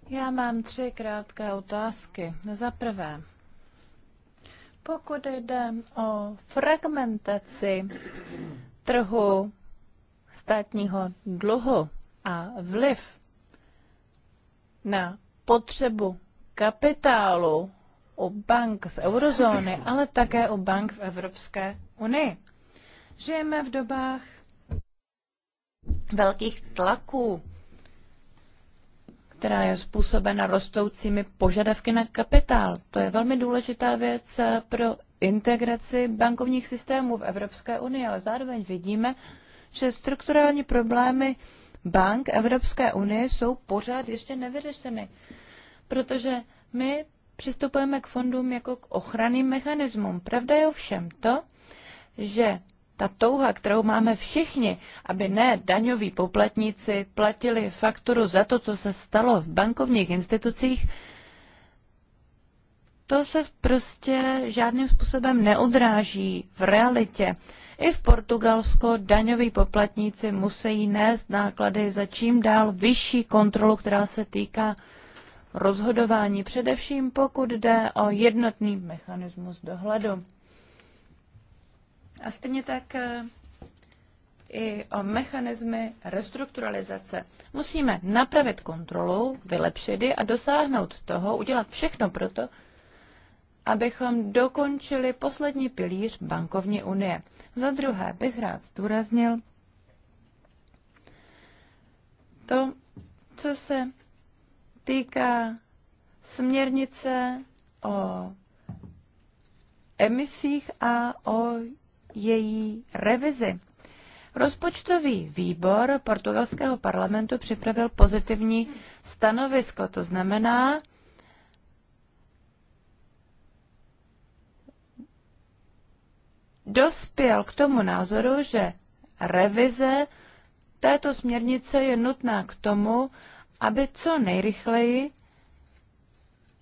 Já mám tři krátké otázky. Za prvé, pokud jde o fragmentaci trhu státního dluhu a vliv na potřebu kapitálu u bank z eurozóny, ale také u bank v Evropské unii. Žijeme v dobách velkých tlaků která je způsobena rostoucími požadavky na kapitál. To je velmi důležitá věc eh, pro integraci bankovních systémů v Evropské unii, ale zároveň vidíme, že strukturální problémy bank Evropské unie jsou pořád ještě nevyřešeny, protože my přistupujeme k fondům jako k ochranným mechanismům. Pravda je ovšem to, že ta touha, kterou máme všichni, aby ne daňoví poplatníci platili fakturu za to, co se stalo v bankovních institucích, to se prostě žádným způsobem neodráží v realitě. I v Portugalsku daňoví poplatníci musí nést náklady za čím dál vyšší kontrolu, která se týká rozhodování, především pokud jde o jednotný mechanismus dohledu. A stejně tak eh, i o mechanismy restrukturalizace. Musíme napravit kontrolu, vylepšit ji a dosáhnout toho, udělat všechno proto, abychom dokončili poslední pilíř bankovní unie. Za druhé bych rád zdůraznil to, co se týká směrnice o emisích a o její revizi. Rozpočtový výbor portugalského parlamentu připravil pozitivní stanovisko, to znamená, dospěl k tomu názoru, že revize této směrnice je nutná k tomu, aby co nejrychleji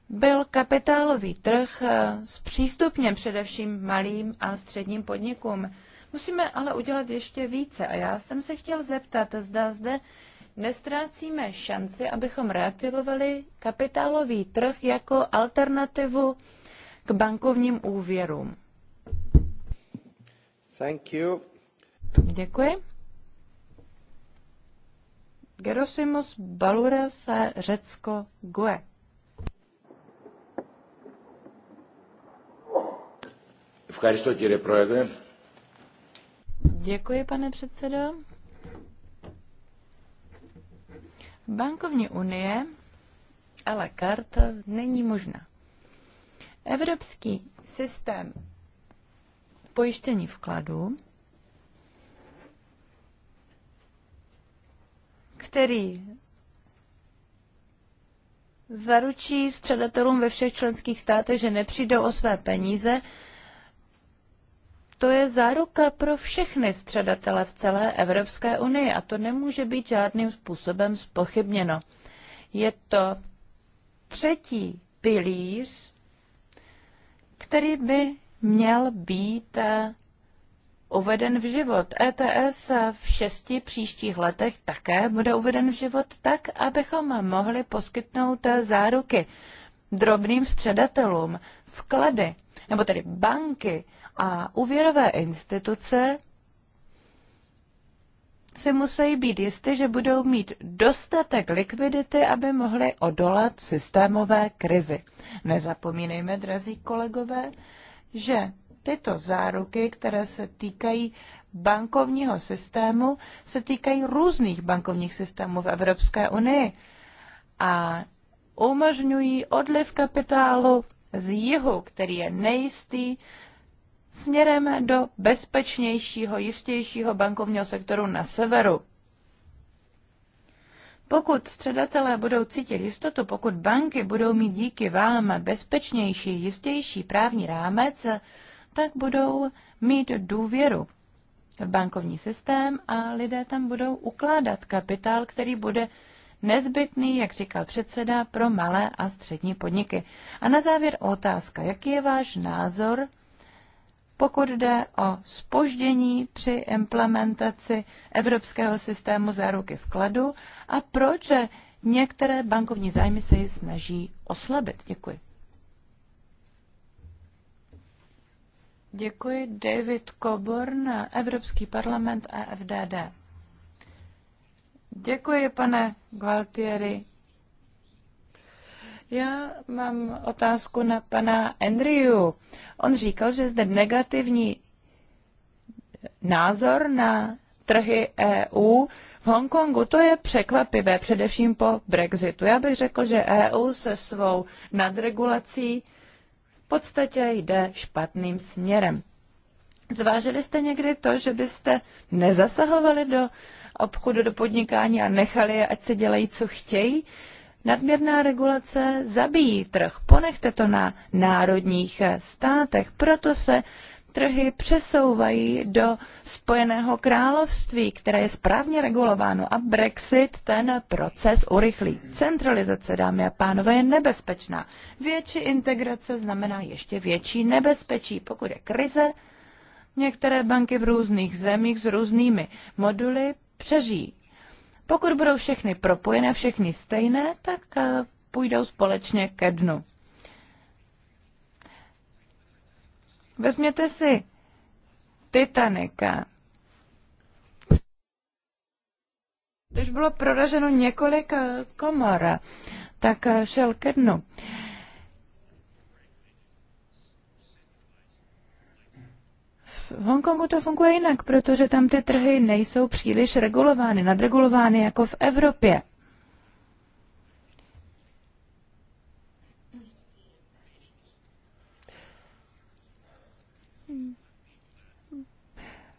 byl kapitálový trh zpřístupněn eh, především malým a středním podnikům. Musíme ale udělat ještě více a já jsem se chtěl zeptat, zda zde nestrácíme šanci, abychom reaktivovali kapitálový trh jako alternativu k bankovním úvěrům. Thank you. Děkuji. Gerosimos se Řecko, GUE. Děkuji, pane předsedo. Bankovní unie a la carte není možná. Evropský systém pojištění vkladů, který zaručí středatelům ve všech členských státech, že nepřijdou o své peníze, to je záruka pro všechny středatele v celé Evropské unii a to nemůže být žádným způsobem spochybněno. Je to třetí pilíř, který by měl být eh, uveden v život. ETS v šesti příštích letech také bude uveden v život tak, abychom mohli poskytnout eh, záruky drobným středatelům, vklady, nebo tedy banky, a úvěrové instituce si musí být jisty, že budou mít dostatek likvidity, aby mohly odolat systémové krizi. Nezapomínejme, drazí kolegové, že tyto záruky, které se týkají bankovního systému, se týkají různých bankovních systémů v Evropské unii a umožňují odliv kapitálu z jihu, který je nejistý, směrem do bezpečnějšího, jistějšího bankovního sektoru na severu. Pokud středatelé budou cítit jistotu, pokud banky budou mít díky vám bezpečnější, jistější právní rámec, tak budou mít důvěru v bankovní systém a lidé tam budou ukládat kapitál, který bude nezbytný, jak říkal předseda, pro malé a střední podniky. A na závěr otázka, jaký je váš názor pokud jde o spoždění při implementaci evropského systému záruky vkladu a proč některé bankovní zájmy se ji snaží oslabit. Děkuji. Děkuji. David Coburn, Evropský parlament a FDD. Děkuji, pane Gualtieri. Já mám otázku na pana Andrew. On říkal, že zde negativní názor na trhy EU v Hongkongu. To je překvapivé, především po Brexitu. Já bych řekl, že EU se svou nadregulací v podstatě jde špatným směrem. Zvážili jste někdy to, že byste nezasahovali do obchodu, do podnikání a nechali je, ať se dělají, co chtějí? Nadměrná regulace zabíjí trh. Ponechte to na národních státech. Proto se trhy přesouvají do Spojeného království, které je správně regulováno a Brexit ten proces urychlí. Centralizace, dámy a pánové, je nebezpečná. Větší integrace znamená ještě větší nebezpečí. Pokud je krize, některé banky v různých zemích s různými moduly přežijí. Pokud budou všechny propojené, všechny stejné, tak eh, půjdou společně ke dnu. Vezměte si Titanika. Když bylo proraženo několik eh, komor, tak eh, šel ke dnu. V Hongkongu to funguje jinak, protože tam ty trhy nejsou příliš regulovány, nadregulovány jako v Evropě.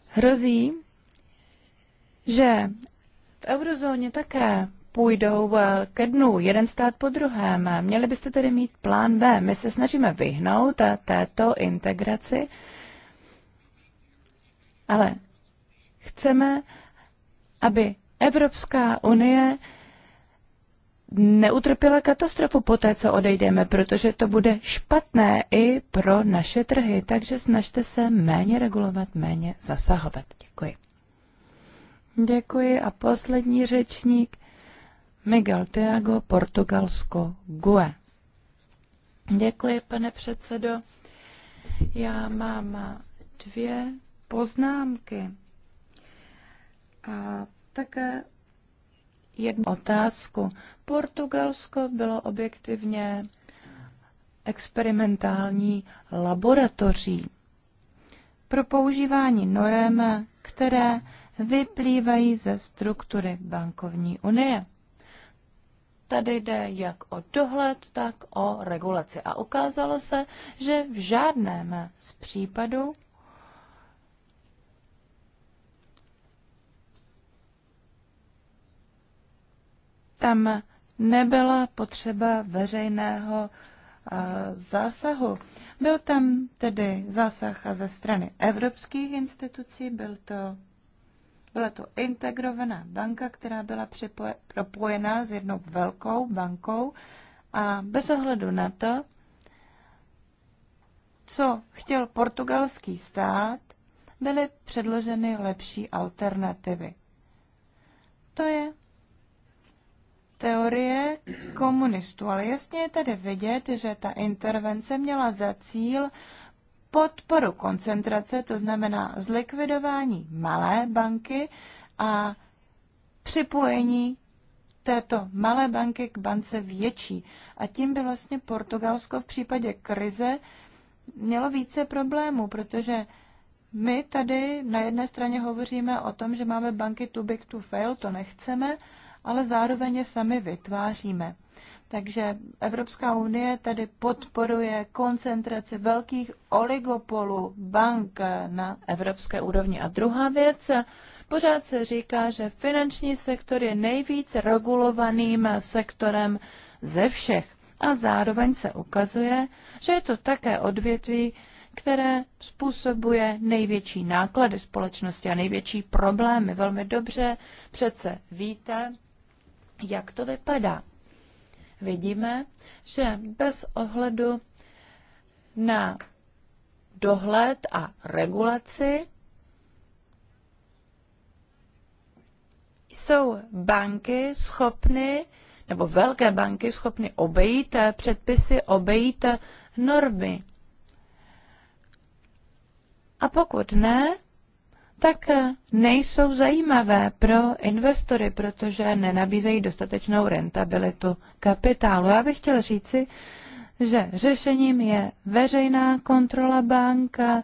Hrozí, že v eurozóně také půjdou eh, ke dnu jeden stát po druhém. Měli byste tedy mít plán B. My se snažíme vyhnout eh, této integraci ale chceme, aby Evropská unie neutrpěla katastrofu po té, co odejdeme, protože to bude špatné i pro naše trhy. Takže snažte se méně regulovat, méně zasahovat. Děkuji. Děkuji a poslední řečník Miguel Tiago, Portugalsko, GUE. Děkuji, pane předsedo. Já mám dvě poznámky a také jednu otázku. Portugalsko bylo objektivně experimentální laboratoří pro používání norem, které vyplývají ze struktury bankovní unie. Tady jde jak o dohled, tak o regulaci. A ukázalo se, že v žádném z případů tam nebyla potřeba veřejného eh, zásahu. Byl tam tedy zásah a ze strany evropských institucí, byl to, byla to integrovaná banka, která byla připoje, propojená s jednou velkou bankou a bez ohledu na to, co chtěl portugalský stát, byly předloženy lepší alternativy. To je teorie komunistů, ale jasně je tady vidět, že ta intervence měla za cíl podporu koncentrace, to znamená zlikvidování malé banky a připojení této malé banky k bance větší. A tím by vlastně Portugalsko v případě krize mělo více problémů, protože my tady na jedné straně hovoříme o tom, že máme banky too big to fail, to nechceme, ale zároveň je sami vytváříme. Takže Evropská unie tady podporuje koncentraci velkých oligopolů bank na evropské úrovni. A druhá věc, pořád se říká, že finanční sektor je nejvíc regulovaným sektorem ze všech. A zároveň se ukazuje, že je to také odvětví, které způsobuje největší náklady společnosti a největší problémy. Velmi dobře přece víte, jak to vypadá. Vidíme, že bez ohledu na dohled a regulaci jsou banky schopny, nebo velké banky schopny obejít předpisy, obejít normy. A pokud ne, tak eh, nejsou zajímavé pro investory, protože nenabízejí dostatečnou rentabilitu kapitálu. Já bych chtěl říci, že řešením je veřejná kontrola banka, eh,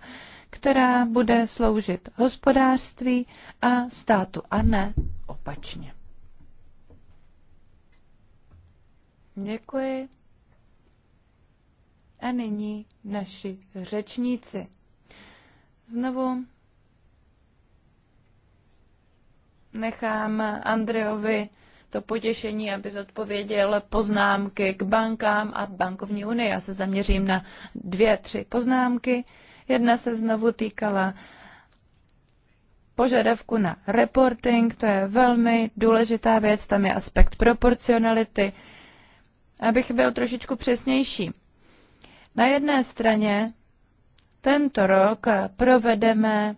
která bude sloužit hospodářství a státu, a ne opačně. Děkuji. A nyní naši řečníci. Znovu nechám Andreovi to potěšení, aby zodpověděl poznámky k bankám a bankovní unii. Já se zaměřím na dvě, tři poznámky. Jedna se znovu týkala požadavku na reporting, to je velmi důležitá věc, tam je aspekt proporcionality. Abych byl trošičku přesnější. Na jedné straně tento rok provedeme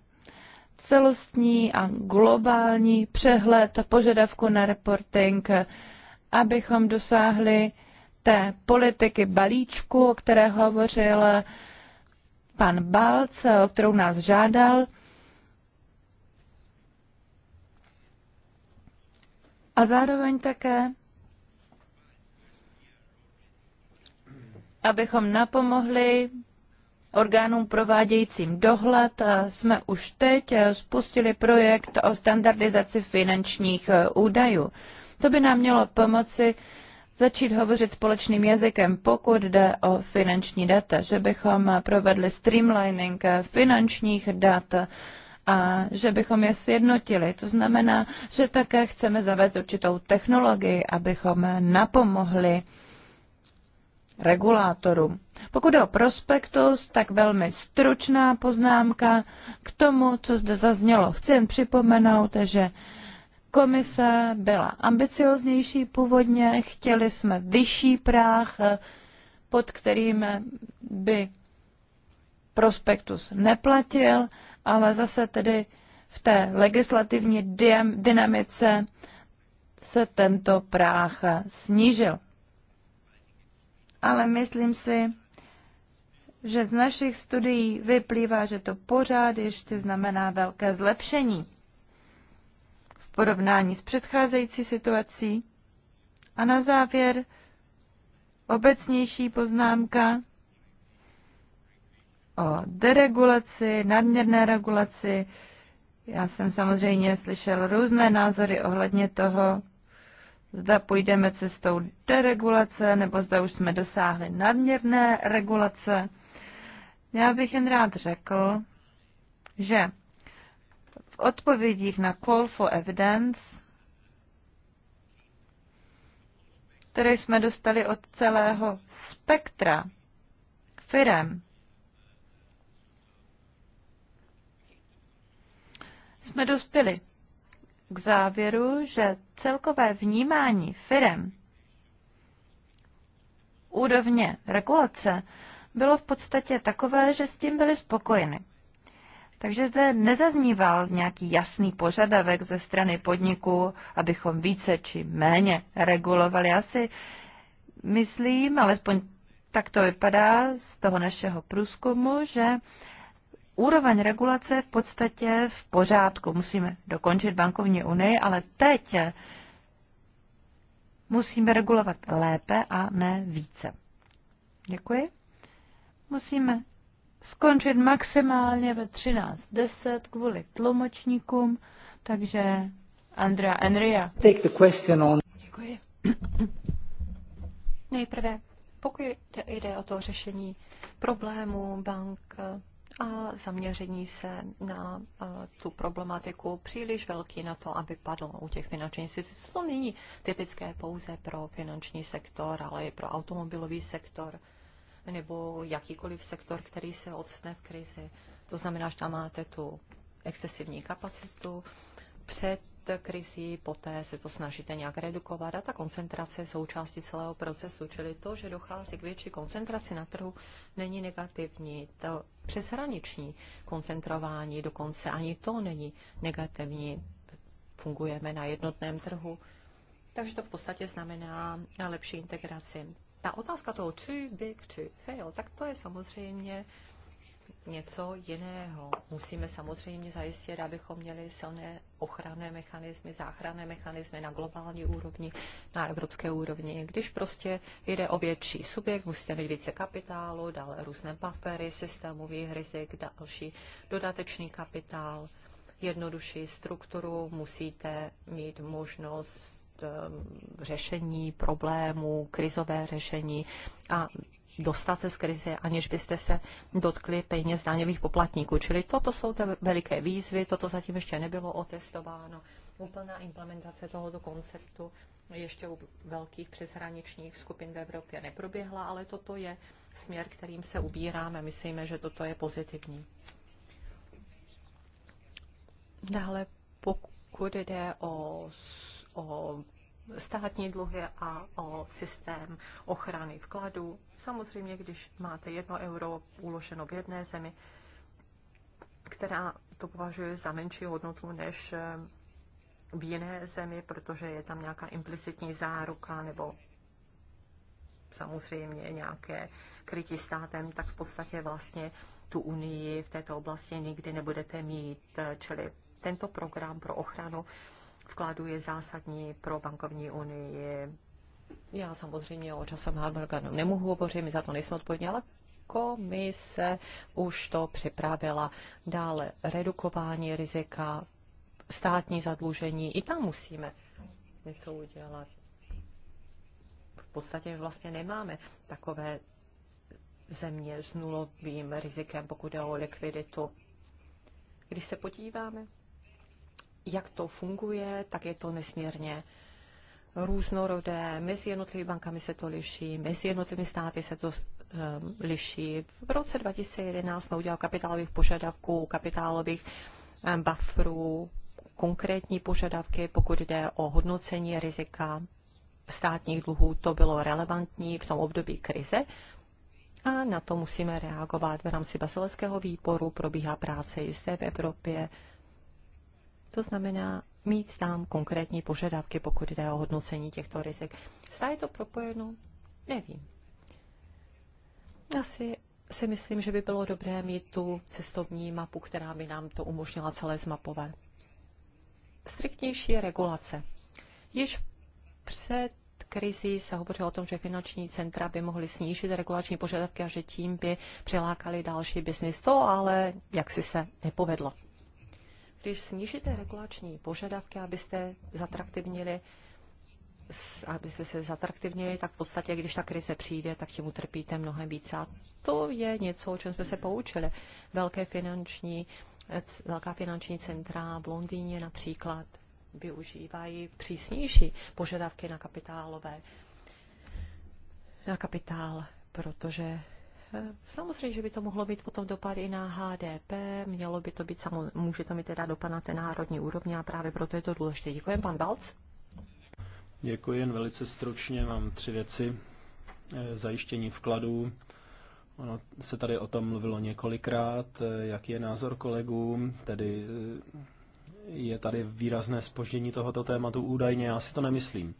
celostní a globální přehled požadavku na reporting, abychom dosáhli té politiky balíčku, o které hovořil pan Balc, o kterou nás žádal. A zároveň také, abychom napomohli orgánům provádějícím dohled jsme už teď eh, spustili projekt o standardizaci finančních eh, údajů. To by nám mělo pomoci začít hovořit společným jazykem, pokud jde o finanční data, že bychom eh, provedli streamlining finančních dat a že bychom je sjednotili. To znamená, že také chceme zavést určitou technologii, abychom napomohli regulátorům. Pokud je o prospektus, tak velmi stručná poznámka k tomu, co zde zaznělo. Chci jen připomenout, že komise byla ambicioznější původně, chtěli jsme vyšší práh, pod kterým by prospektus neplatil, ale zase tedy v té legislativní dynamice se tento práh snížil ale myslím si, že z našich studií vyplývá, že to pořád ještě znamená velké zlepšení v porovnání s předcházející situací. A na závěr obecnější poznámka o deregulaci, nadměrné regulaci. Já jsem samozřejmě slyšel různé názory ohledně toho, zda půjdeme cestou deregulace, nebo zda už jsme dosáhli nadměrné regulace. Já bych jen rád řekl, že v odpovědích na Call for Evidence, které jsme dostali od celého spektra firem, jsme dospěli k závěru, že celkové vnímání firem úrovně regulace bylo v podstatě takové, že s tím byli spokojeni. Takže zde nezazníval nějaký jasný požadavek ze strany podniku, abychom více či méně regulovali. Já si myslím, alespoň tak to vypadá z toho našeho průzkumu, že úroveň regulace je v podstatě v pořádku. Musíme dokončit bankovní unii, ale teď musíme regulovat lépe a ne více. Děkuji. Musíme skončit maximálně ve 13.10 kvůli tlumočníkům, takže Andrea Enria. Take the question on. Děkuji. Nejprve, pokud jde o to řešení problémů bank, a zaměření se na tu problematiku příliš velký na to, aby padl u těch finančních institucí. To není typické pouze pro finanční sektor, ale i pro automobilový sektor nebo jakýkoliv sektor, který se odstne v krizi. To znamená, že tam máte tu excesivní kapacitu před krizi, poté se to snažíte nějak redukovat a ta koncentrace je součástí celého procesu, čili to, že dochází k větší koncentraci na trhu, není negativní. To přeshraniční koncentrování dokonce ani to není negativní. Fungujeme na jednotném trhu, takže to v podstatě znamená lepší integraci. Ta otázka toho, či big, či fail, tak to je samozřejmě něco jiného. Musíme samozřejmě zajistit, abychom měli silné ochranné mechanismy, záchranné mechanismy na globální úrovni, na evropské úrovni. Když prostě jde o větší subjekt, musíte mít více kapitálu, dále různé papery, systémový rizik, další dodatečný kapitál, jednodušší strukturu, musíte mít možnost ehm, řešení problémů, krizové řešení a dostat se z krize, aniž byste se dotkli peněz daňových poplatníků. Čili toto jsou ty veliké výzvy, toto zatím ještě nebylo otestováno. Úplná implementace tohoto konceptu ještě u velkých přeshraničních skupin v Evropě neproběhla, ale toto je směr, kterým se ubíráme. Myslíme, že toto je pozitivní. Dále, pokud jde o, o státní dluhy a o systém ochrany vkladů. Samozřejmě, když máte jedno euro uloženo v jedné zemi, která to považuje za menší hodnotu než eh, v jiné zemi, protože je tam nějaká implicitní záruka nebo samozřejmě nějaké krytí státem, tak v podstatě vlastně tu unii v této oblasti nikdy nebudete mít. Eh, čili tento program pro ochranu vkladu je zásadní pro bankovní unii. Já samozřejmě o časem harmonogramu nemohu hovořit, my za to nejsme odpovědní, ale komise už to připravila. Dále redukování rizika, státní zadlužení, i tam musíme něco udělat. V podstatě vlastně nemáme takové země s nulovým rizikem, pokud jde o likviditu. Když se podíváme jak to funguje, tak je to nesmírně různorodé. Mezi jednotlivými bankami se to liší, mezi jednotlivými státy se to um, liší. V roce 2011 jsme udělali kapitálových požadavků, kapitálových um, bufferů, konkrétní požadavky, pokud jde o hodnocení rizika státních dluhů, to bylo relevantní v tom období krize. A na to musíme reagovat. V rámci baselského výboru probíhá práce jisté v Evropě to znamená mít tam konkrétní požadavky, pokud jde o hodnocení těchto rizik. Zda je to propojeno? Nevím. Asi si myslím, že by bylo dobré mít tu cestovní mapu, která by nám to umožnila celé zmapovat. Striktnější regulace. Již před krizi se hovořilo o tom, že finanční centra by mohly snížit regulační požadavky a že tím by přilákali další biznis. To ale jak si se nepovedlo. Když snížíte regulační požadavky, abyste zatraktivnili abyste se, se zatraktivnili, tak v podstatě, když ta krize přijde, tak tím utrpíte mnohem více. A to je něco, o čem jsme se poučili. Velké finanční, velká finanční centra v Londýně například využívají přísnější požadavky na kapitálové na kapitál, protože samozřejmě, že by to mohlo být potom dopad i na HDP, mělo by to být samo, může to mít teda dopad na té národní úrovni a právě proto je to důležité. Děkuji, pan Balc. Děkuji, jen velice stručně mám tři věci. Eh, zajištění vkladů, ono se tady o tom mluvilo několikrát, eh, jaký je názor kolegů, tedy eh, je tady výrazné spoždění tohoto tématu údajně, já si to nemyslím.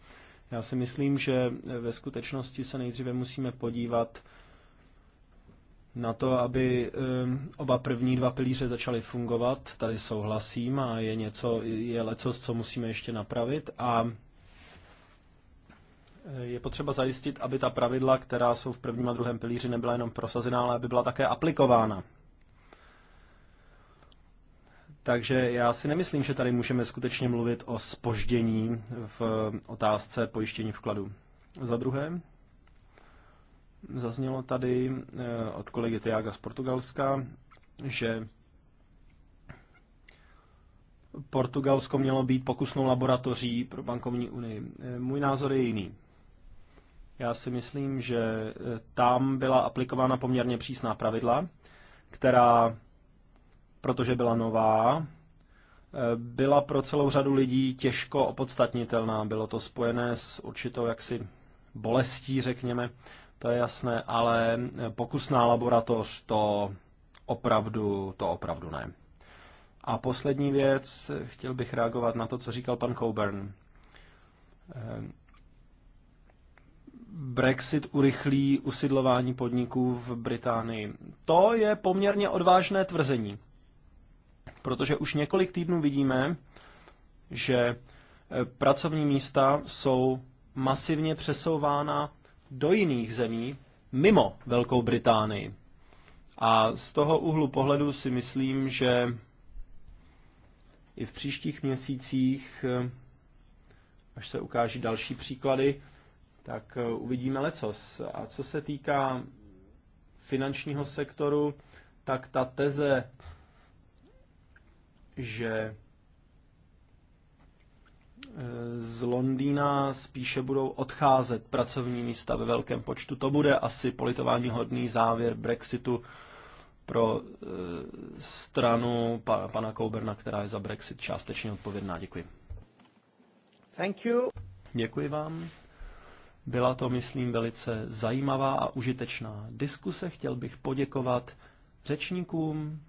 Já si myslím, že ve skutečnosti se nejdříve musíme podívat na to, aby ehm, oba první dva pilíře začaly fungovat. Tady souhlasím a je něco, je leco, co musíme ještě napravit a eh, je potřeba zajistit, aby ta pravidla, která jsou v prvním a druhém pilíři, nebyla jenom prosazená, ale aby byla také aplikována. Takže já si nemyslím, že tady můžeme skutečně mluvit o spoždění v otázce pojištění vkladu. Za druhé, Zaznělo tady eh, od kolegy Tiaga z Portugalska, že Portugalsko mělo být pokusnou laboratoří pro bankovní unii. Eh, můj názor je jiný. Já si myslím, že eh, tam byla aplikována poměrně přísná pravidla, která, protože byla nová, byla pro celou řadu lidí těžko opodstatnitelná. Bylo to spojené s určitou jaksi bolestí, řekněme, to je jasné, ale pokusná laboratoř to opravdu, to opravdu ne. A poslední věc, chtěl bych reagovat na to, co říkal pan Coburn. Eh, Brexit urychlí usidlování podniků v Británii. To je poměrně odvážné tvrzení, protože už několik týdnů vidíme, že eh, pracovní místa jsou masivně přesouvána do jiných zemí mimo Velkou Británii. A z toho úhlu pohledu si myslím, že i v příštích měsících, až se ukáží další příklady, tak eh, uvidíme lecos. A co se týká finančního sektoru, tak ta teze, že z Londýna spíše budou odcházet pracovní místa ve velkém počtu. To bude asi politování hodný závěr Brexitu pro e, stranu pa, pana Kouberna, která je za Brexit částečně odpovědná. Děkuji. Thank you. Děkuji vám. Byla to, myslím, velice zajímavá a užitečná diskuse. Chtěl bych poděkovat řečníkům,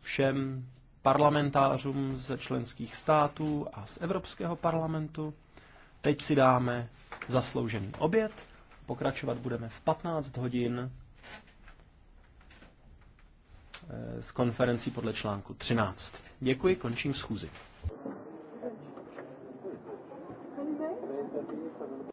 všem parlamentářům ze členských států a z Evropského parlamentu. Teď si dáme zasloužený oběd. Pokračovat budeme v 15 hodin eh, s konferencí podle článku 13. Děkuji, končím schůzi.